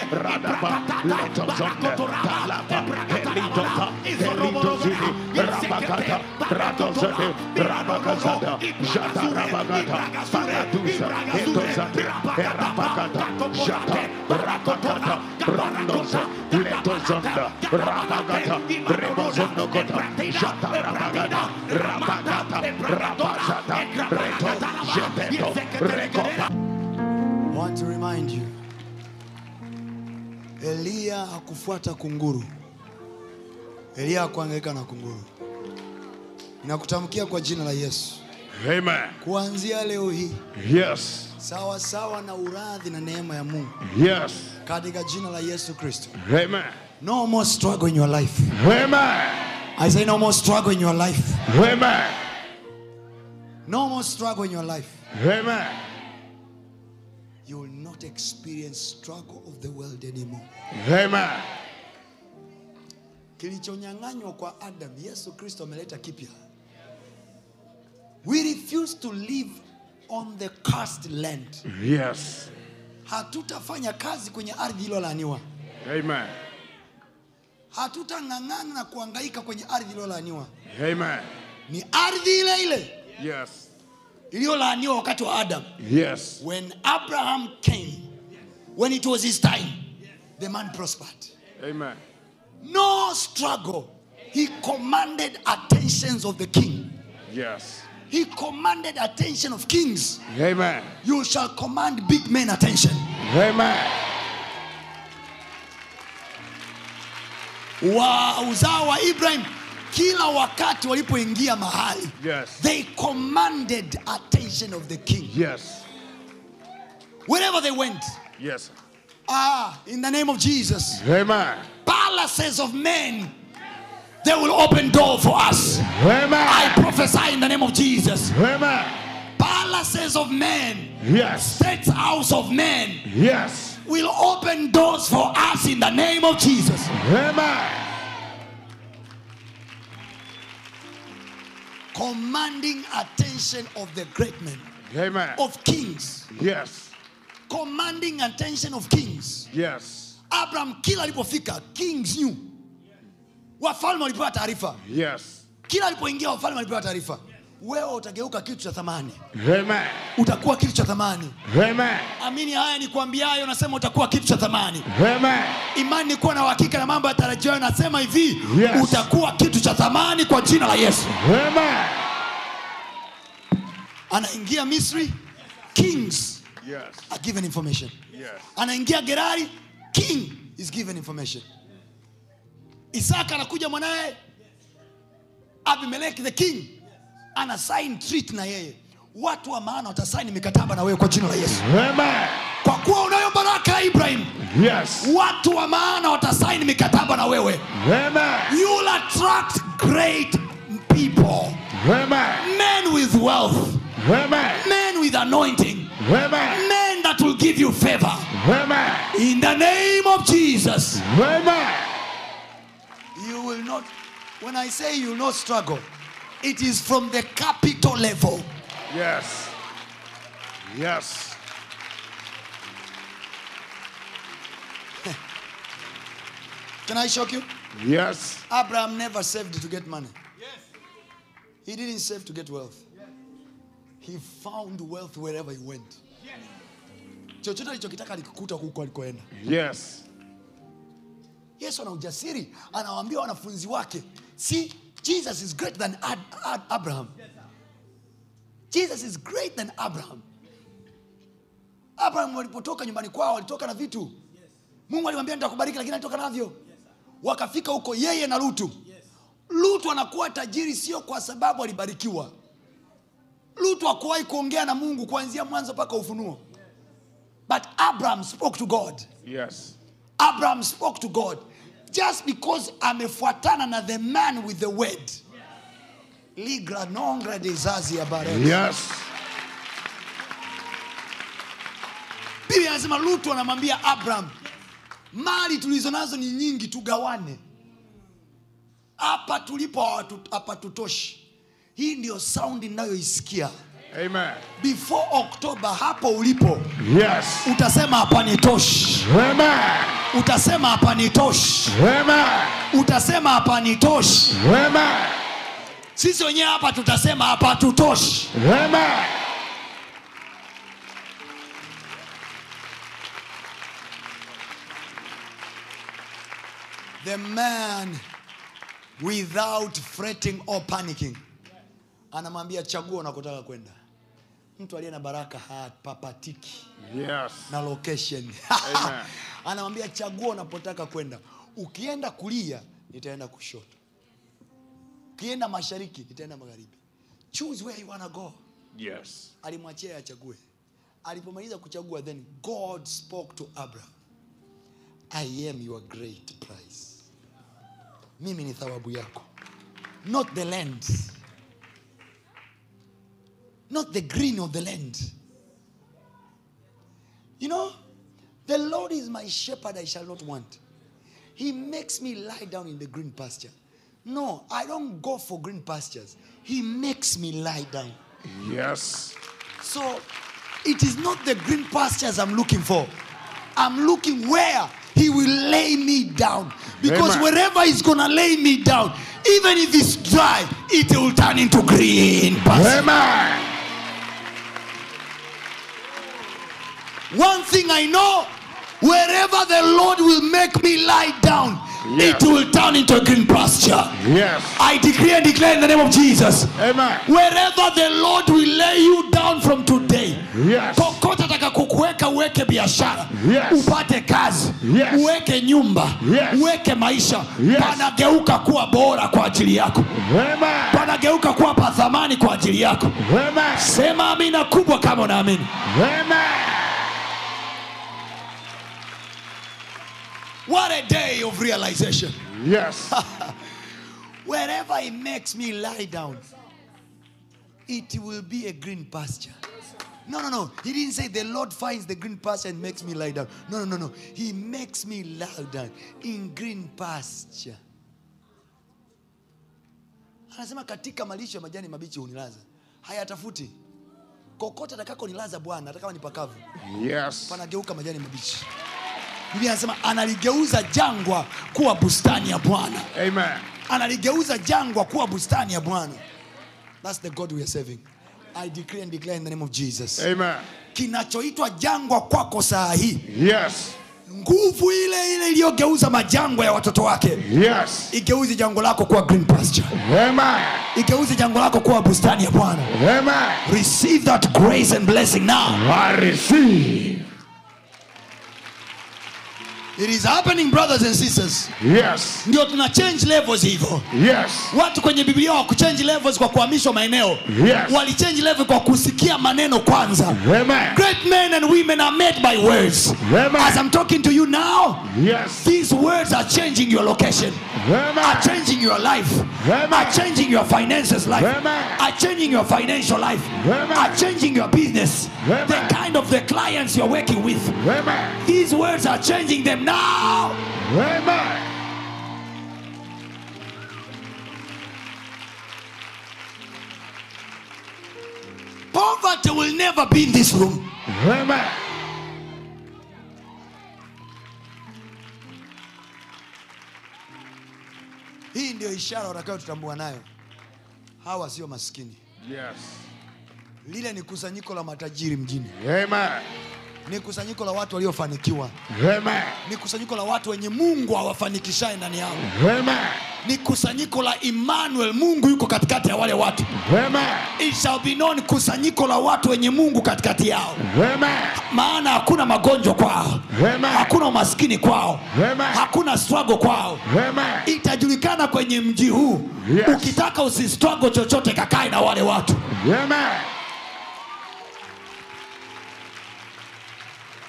I Want to remind you Eliya hakufuata kunguru, Eliya hakuangaika na kunguru. Nakutamkia kwa jina la Yesu. Amen. Kuanzia leo hii. Yes. Sawa sawa na uradhi na neema ya Mungu. Yes. Katika jina la Yesu Kristo. Amen. No more struggle in your life. Amen. I say no more struggle in your life. Amen. No more struggle in your life. Amen you will not experience struggle of the world anymore. Amen. Kilichonyang'anywa kwa Adam, Yesu Kristo ameleta kipya. We refuse to live on the cursed land. Yes. Hatutafanya kazi kwenye ardhi iliyolaaniwa. Amen. Hatutang'ang'ana na kuangaika kwenye ardhi iliyolaaniwa. Amen. Ni ardhi ile ile. Yes. Yes iliyolaaniwa wakati wa adam yes. when abraham came when it was his time the man prospered Amen. no struggle he commanded attentions of the king yes he commanded attention of kings amen you shall command big men attention amen wa uzao wa ibrahim kila wakati walipoingia mahali yes. they commanded attention of the king yes. wherever they went yes. ah, in the name of jesus Amen. palaces of men they will open door for us Amen. i prophesy in the name of jesus Amen. palaces of men yes. Set house of men yes. will open doors for us in the name of jesus Amen commanding attention of the great men. Amen. Of kings. Yes. Commanding attention of kings. Yes. Abraham kila alipofika kings knew. Wafalme walipewa taarifa. Yes. Kila alipoingia wafalme walipewa taarifa wewe utageuka kitu cha thamani Amen. utakuwa kitu cha thamani Amen. amini haya ni kuambiayo nasema utakuwa kitu cha thamani Amen. imani ni kuwa na uhakika na mambo yatarajiwayo nasema hivi yes. utakuwa kitu cha thamani kwa jina la yesu Amen. anaingia misri kings yes. are given information yes. anaingia gerari king is given information isaka anakuja mwanaye abimeleki the king ana treat na yeye watu wa maana watasaini mikataba na wewe kwa jina la yesu Amen. kwa kuwa unayo baraka ibrahim yes. watu wa maana watasaini mikataba na wewe Amen. i say you will not struggle It is from the capital level. Yes. Yes. <laughs> Can I shock you? Yes. Abraham never saved to get money. Yes. He didn't save to get wealth. Yes. He found wealth wherever he went. Yes. Chochote alichokitaka alikikuta huko alikoenda. Yes. Yesu ana ujasiri, anawaambia wanafunzi wake, si Jesus is greater than Ad, Ad, Abraham. Jesus is greater than Abraham. Abraham walipotoka nyumbani kwao walitoka na vitu. Mungu alimwambia nitakubariki, lakini alitoka navyo. Wakafika huko yeye na Lutu. Lutu anakuwa tajiri sio kwa sababu alibarikiwa. Lutu hakuwahi kuongea na Mungu kuanzia mwanzo mpaka Ufunuo. But Abraham spoke to God. Yes. Abraham spoke to God just because amefuatana na the man with the word ligra nongra dezazi ya baraka yes. anasema Lutu anamwambia Abraham, mali tulizo nazo ni nyingi, tugawane. Hapa tulipo tutoshi Hii ndio saundi ninayoisikia. Amen. Before October hapo ulipo. Yes. Utasema hapanitoshi. Amen. Utasema hapanitoshi. Amen. Utasema hapanitoshi. Amen. Sisi wenyewe hapa tutasema hapatutoshi. Amen. The man without fretting or panicking anamwambia chagua unakotaka kwenda mtu aliye na baraka hapapatiki yes. na location <laughs> anamwambia chagua unapotaka kwenda ukienda kulia nitaenda kushoto ukienda mashariki nitaenda magharibi choose where you wanna go yes. alimwachia achague alipomaliza kuchagua then god spoke to abraham i am your great price mimi ni thawabu yako not the lands. not the green of the land. You know, the Lord is my shepherd, I shall not want. He makes me lie down in the green pasture. No, I don't go for green pastures. He makes me lie down. Yes. So it is not the green pastures I'm looking for. I'm looking where he will lay me down. Because Amen. wherever he's going to lay me down, even if it's dry, it will turn into green Amen. One thing I know wherever the Lord will make me lie down, Yes. It will turn into a green pasture. Yes. I decree and declare in the name of Jesus. Amen. Wherever the Lord will lay you down from today. Yes. Kokote atakakukuweka uweke biashara. Yes. Upate kazi. Yes. Uweke nyumba. Yes. Uweke maisha. Yes. Panageuka kuwa bora kwa ajili yako. Amen. Panageuka kuwa pa thamani kwa ajili yako. Sema amina kubwa kama unaamini. What a day of realization. Yes. <laughs> Wherever it makes me lie down, it will be a green pasture. No, no, no. He didn't say the Lord finds the green pasture and makes me lie down. No, no, no, no. He makes me lie down in green pasture. Anasema katika malisho ya majani mabichi unilaza, hayatafuti kokote atakako nilaza Bwana, hata kama ni pakavu, yes. panageuka majani mabichi. Biblia inasema analigeuza jangwa kuwa bustani ya Bwana. Amen. Analigeuza jangwa kuwa bustani ya Bwana. That's the God we are serving. I decree and declare in the name of Jesus. Amen. Kinachoitwa jangwa kwako saa hii. Yes. Nguvu ile ile iliyogeuza majangwa ya watoto wake. Yes. Igeuze jango lako kuwa green pasture. Amen. Igeuze jango lako kuwa bustani ya Bwana. Amen. Receive that grace and blessing now. I receive. It is happening brothers and sisters. Yes. Ndio tuna change levels hivyo. Yes. Watu kwenye Biblia wa kuchange levels kwa kuhamishwa maeneo. Yes. Wali change level kwa kusikia maneno kwanza. Amen. Great men and women are made by words. Amen. As I'm talking to you now, yes. These words are changing your location. Amen. Are changing your life. Amen. Are changing your finances life. Amen. Are changing your financial life. Amen. Are changing your business. Amen. The kind of the clients you're working with. Amen. These words are changing them now. Amen. Poverty will never be in this room. Amen. Hii ndio ishara utakayotutambua nayo, hawa sio maskini. Yes. Lile ni kusanyiko la matajiri mjini. Amen ni kusanyiko la watu waliofanikiwa. Amen. Ni kusanyiko la watu wenye Mungu awafanikishaye ndani yao. Amen. Ni kusanyiko la Emmanuel, Mungu yuko katikati ya wale watu. Amen. It shall be known, kusanyiko la watu wenye Mungu katikati yao. Amen. Maana hakuna magonjwa kwao. Amen. Hakuna umaskini kwao. Amen. Hakuna swago kwao. Amen. Itajulikana kwenye mji huu. Yes. Ukitaka usistruggle chochote, kakae na wale watu. Amen.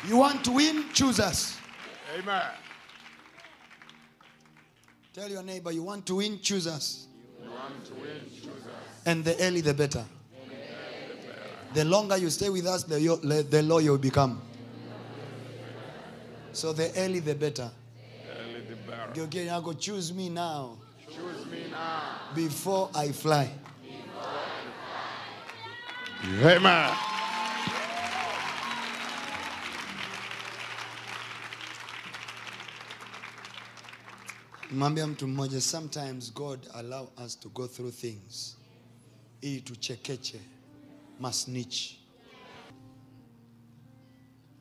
You want to win? Choose us. Amen. Tell your neighbor, you want to win? Choose us. You want to win? Choose us. And the early, the better. The longer you stay with us, the, the lower you become. So the early, the better. Early, the better. Geukia choose me now. Choose me now. Before I fly. Before I fly. Amen. mambia mtu mmoja, sometimes God allow us to go through things ili tuchekeche masnichi.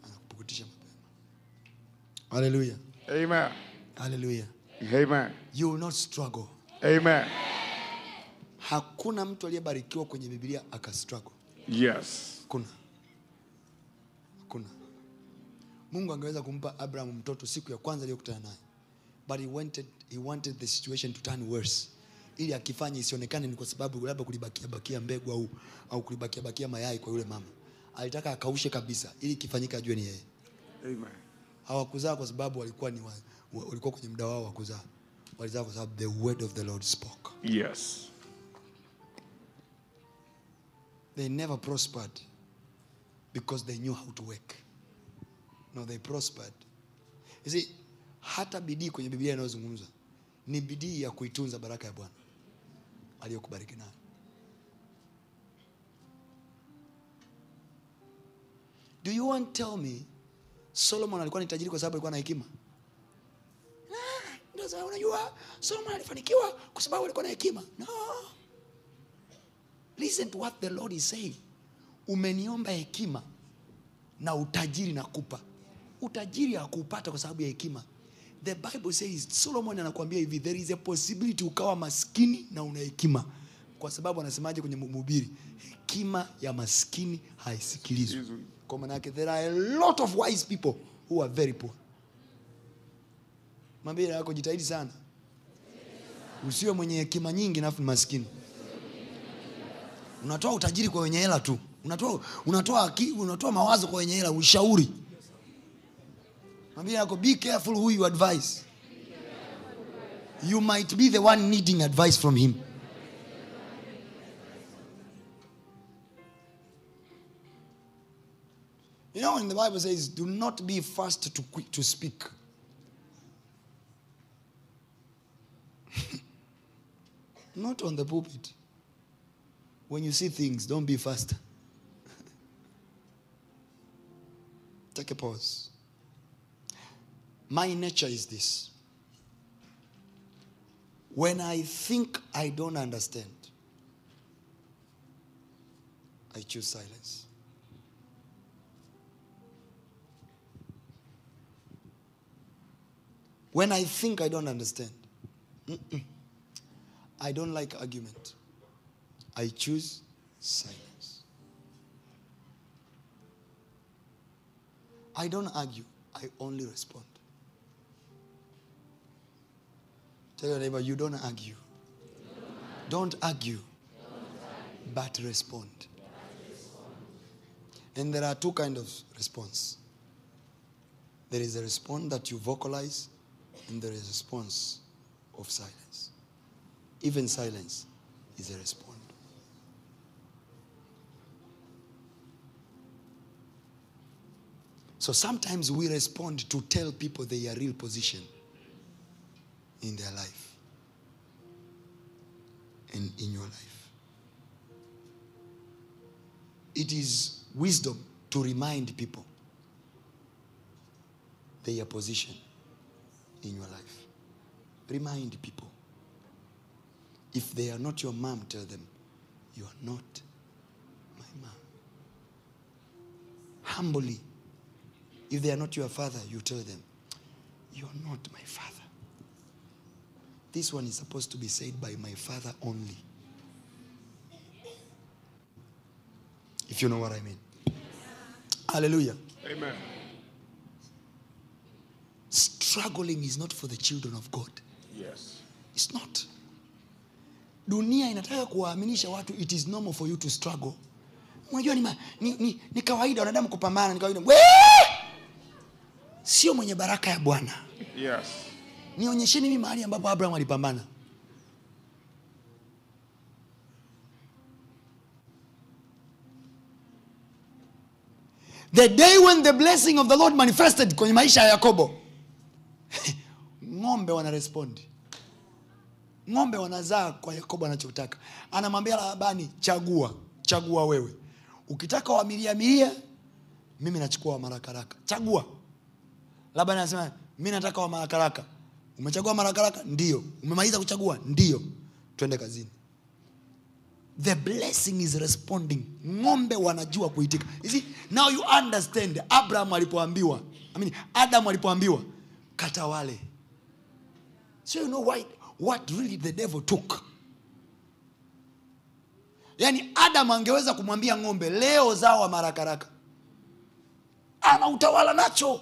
Anakupukutisha mapema. Hallelujah. Amen. Hallelujah. Amen. You will not struggle. Amen. Hakuna mtu aliyebarikiwa kwenye Biblia akastruggle. Yes. Kuna. Kuna. Mungu angeweza kumpa Abraham mtoto siku ya kwanza aliyokutana naye but he wanted, he wanted the situation to turn worse ili akifanya isionekane ni kwa sababu labda kulibakia bakia mbegu au, au kulibakia bakia mayai kwa yule mama alitaka akaushe kabisa ili kifanyike ajue ni yeye amen hawakuzaa kwa sababu walikuwa ni wa, walikuwa kwenye muda wao wa kuzaa walizaa kwa sababu the word of the lord spoke yes they never prospered because they knew how to work no they prospered you see hata bidii kwenye Biblia inayozungumzwa ni bidii ya kuitunza baraka ya Bwana aliyokubariki nayo. Do you want tell me Solomon alikuwa ni tajiri kwa sababu alikuwa na hekima? unajua Solomon alifanikiwa kwa sababu alikuwa na hekima. No. Listen to what the Lord is saying. Umeniomba hekima na utajiri nakupa. Utajiri hakupata kwa sababu ya hekima. The Bible says Solomon anakuambia hivi, there is a possibility ukawa maskini na una hekima, kwa sababu anasemaje kwenye Mhubiri, hekima ya maskini haisikilizwi. Kwa maana yake there are a lot of wise people who are very poor. Mambia yako jitahidi sana, usiwe mwenye hekima nyingi nafu maskini. Unatoa utajiri kwa wenye hela tu, unatoa unatoa, unatoa mawazo kwa wenye hela, ushauri Mwambie yako be careful who you advise. You might be the one needing advice from him. You know, when the Bible says, do not be fast to quick to speak. <laughs> not on the pulpit. When you see things, don't be fast. <laughs> Take a pause. My nature is this. When I think I don't understand, I choose silence. When I think I don't understand, I don't like argument. I choose silence. I don't argue, I only respond. Tell your neighbor, you don't argue. Don't argue, but respond. And there are two kind of response. There is a response that you vocalize, and there is a response of silence. Even silence is a response. So sometimes we respond to tell people their real position in their life and in your life. It is wisdom to remind people their position in your life. Remind people. If they are not your mom, tell them, You are not my mom. Humbly. If they are not your father, you tell them, You are not my father. This one is supposed to be said by my father only. If you know what I mean. Yes. Hallelujah. Amen. Struggling is not for the children of God. Yes. It's not. Dunia inataka kuwaaminisha watu it is normal for you to struggle. Unajua ni, ni, ni, ni kawaida wanadamu kupambana, ni kawaida. Wee! Sio mwenye baraka ya Bwana. Yes nionyesheni mimi mahali ambapo Abraham alipambana. The day when the blessing of the Lord manifested kwenye maisha ya Yakobo, ng'ombe wanarespondi ng'ombe wanazaa kwa yakobo anachotaka anamwambia labani chagua chagua wewe ukitaka wamiliamilia mimi nachukua wamarakaraka chagua labani anasema mi nataka wamarakaraka umechagua marakaraka ndio umemaliza kuchagua ndio twende kazini the blessing is responding ng'ombe wanajua kuitika see, now you understand abraham alipoambiwa I mean, adam alipoambiwa kata wale so you know why, what really the devil took yaani adam angeweza kumwambia ng'ombe leo zawa marakaraka ana utawala nacho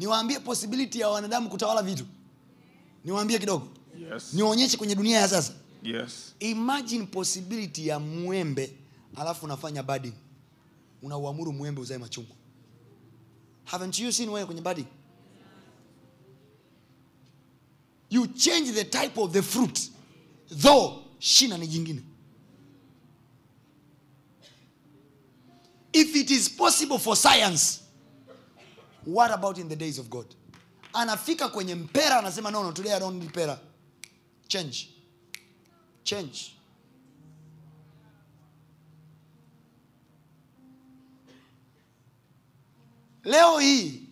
niwaambie possibility ya wanadamu kutawala vitu niwaambie kidogo yes. niwaonyeshe kwenye dunia ya sasa yes. imagine possibility ya mwembe alafu unafanya budding unauamuru mwembe uzae machungwa haven't you seen wewe kwenye badi you change the type of the fruit though shina ni jingine if it is possible for science what about in the days of god anafika kwenye mpera anasema no, no today i don't need pera change change leo hii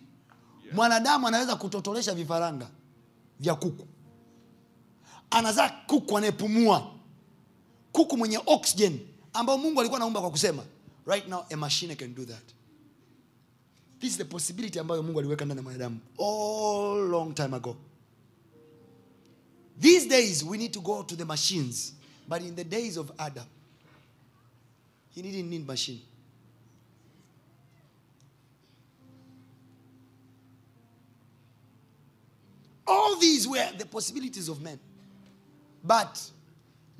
mwanadamu anaweza kutotolesha vifaranga vya kuku anazaa kuku anayepumua kuku mwenye oxygen ambao mungu alikuwa anaumba kwa kusema right now a machine can do that This is the possibility ambayo Mungu aliweka ndani ya mwanadamu all long time ago. These days we need to go to the machines, but in the days of Adam he didn't need machine. All these were the possibilities of men. But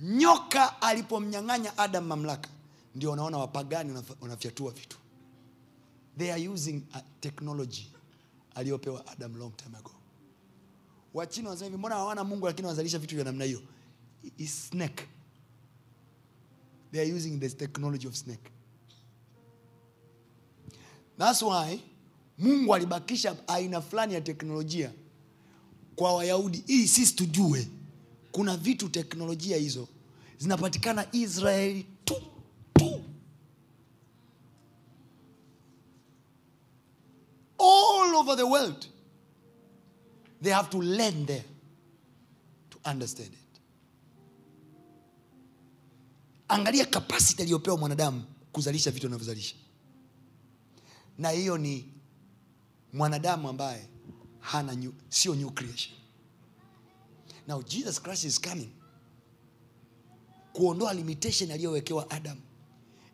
nyoka alipomnyang'anya Adam mamlaka, ndio unaona wapagani wanafyatua vitu. They are using a uh, technology aliyopewa Adam long time ago. Wachina wanasema hivi, mbona hawana Mungu lakini wanazalisha vitu vya namna hiyo? snake. They are using this technology of snake. That's why Mungu alibakisha aina fulani ya teknolojia kwa Wayahudi ili sisi tujue kuna vitu teknolojia hizo zinapatikana Israeli over the world. They have to learn there to understand it. Angalia capacity aliyopewa mwanadamu kuzalisha vitu anavyozalisha, na hiyo ni mwanadamu ambaye hana new, sio new creation. Now Jesus Christ is coming kuondoa limitation aliyowekewa Adam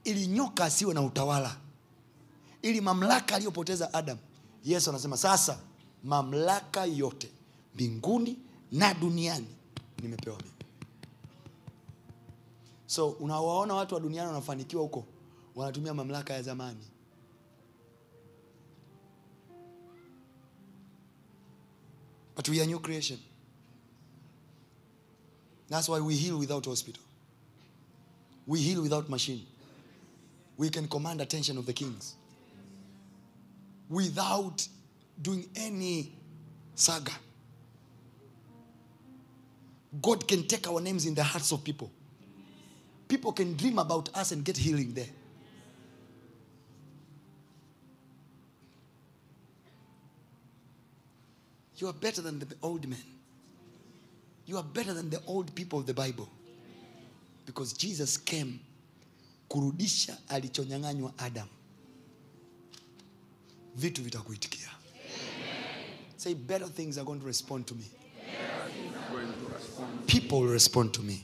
ili nyoka asiwe na utawala, ili mamlaka aliyopoteza Adam Yesu anasema sasa, mamlaka yote mbinguni na duniani nimepewa mimi. So unawaona watu wa duniani wanafanikiwa huko, wanatumia mamlaka ya zamani. But we are new creation. That's why we heal without hospital. We heal without machine. We can command attention of the kings. without doing any saga. God can take our names in the hearts of people. People can dream about us and get healing there. You are better than the old men. You are better than the old people of the Bible. Because Jesus came kurudisha alichonyang'anywa Adam. vitu vitakuitikia. Say better things are going to respond to me. People will respond to me.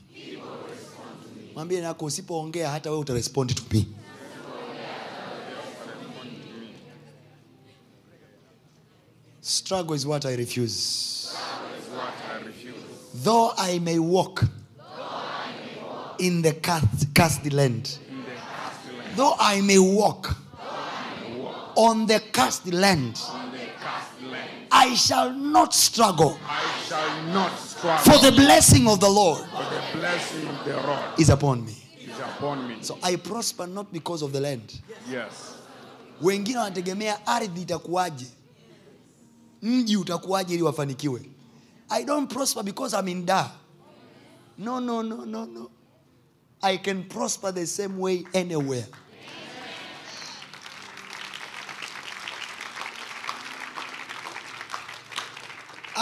Mwambie nako usipoongea hata wewe utarespond to me. Struggle is what I refuse. Though I may walk, in the cast, land. Though I may walk in the On the cast land. I shall not struggle. I shall not struggle. For the blessing of the Lord. For the blessing of is upon me. Is upon me. So I prosper not because of the land. Yes. Wengine wanategemea ardhi itakuwaje, mji utakuwaje ili wafanikiwe. I don't prosper because I'm in Dar. No, no, no, no, no. I can prosper the same way anywhere.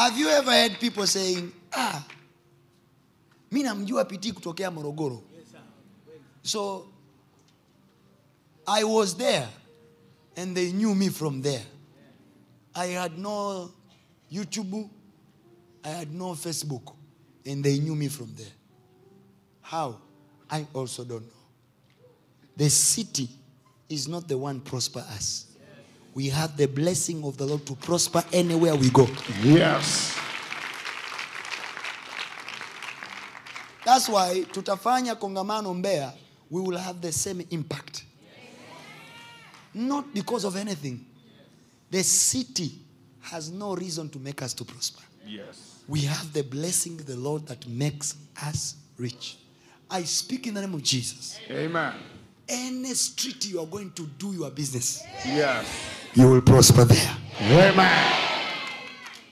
Have you ever heard people saying, ah, mi namjua Piti kutokea Morogoro. So I was there and they knew me from there. I had no YouTube, I had no Facebook, and they knew me from there. How? I also don't know. The city is not the one prosper us we have the blessing of the Lord to prosper anywhere we go. Yes. That's why tutafanya kongamano Mbeya, we will have the same impact. Not because of anything. The city has no reason to make us to prosper. Yes. We have the blessing the Lord that makes us rich. I speak in the name of Jesus. Amen. Any street you are going to do your business. Yes. yes. you will prosper there. Amen.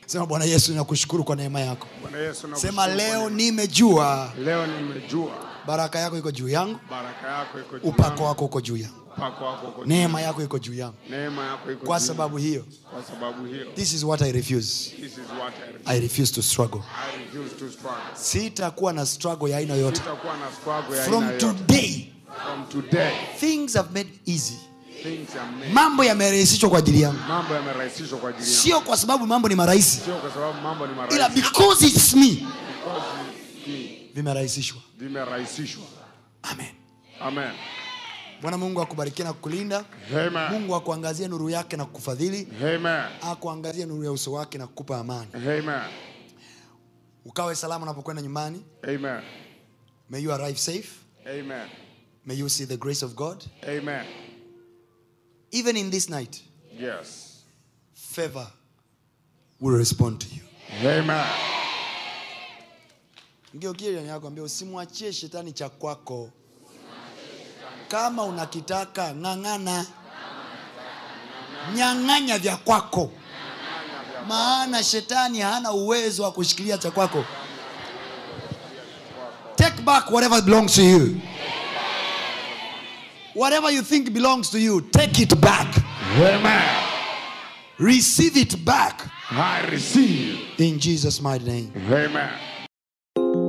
Sema Bwana Yesu, nakushukuru kwa neema yako. Bwana Yesu, sema leo nimejua, leo nimejua baraka yako iko juu yangu, baraka yako iko juu, upako wako uko juu yangu Upako wako uko juu. neema yako iko juu yangu Neema yako iko juu. kwa sababu hiyo Kwa sababu hiyo. this is what i refuse, this is what I refuse. I refuse to struggle, I refuse to struggle. sitakuwa na struggle ya aina yoyote Sitakuwa na struggle ya aina yoyote. from, today. from today things have made easy mambo yamerahisishwa kwa ajili yangu sio kwa sababu mambo ni marahisi ila vimerahisishwa bwana mungu akubarikie na kukulinda mungu akuangazie nuru yake na kukufadhili akuangazie nuru ya uso wake na kukupa amani Amen. ukawe salama unapokwenda nyumbani Amen. may you arrive safe Amen. may you see the grace of god Amen even in this night, yes, favor will respond to you. Amen. Ngeukie jirani yako, ambia usimwachie shetani cha kwako. Kama unakitaka ng'ang'ana, nyang'anya vya kwako, maana shetani hana uwezo wa kushikilia cha kwako. Take back whatever belongs to you. Yeah. Whatever you think belongs to you, take it back. Amen. Receive it back. I receive. In Jesus' mighty name. Amen.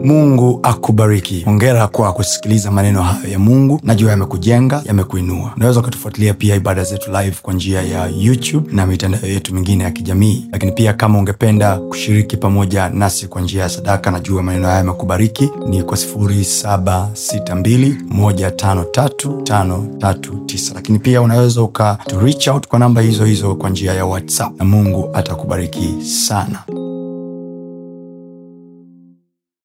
Mungu akubariki. ongera kwa kusikiliza maneno hayo ya Mungu, najua yamekujenga, yamekuinua. Unaweza ukatufuatilia pia ibada zetu live kwa njia ya YouTube na mitandao yetu mingine ya kijamii, lakini pia kama ungependa kushiriki pamoja nasi kwa njia ya sadaka, najua maneno hayo yamekubariki, ni kwa 762153539 lakini pia unaweza ukatu kwa namba hizo hizo kwa njia ya WhatsApp na Mungu atakubariki sana.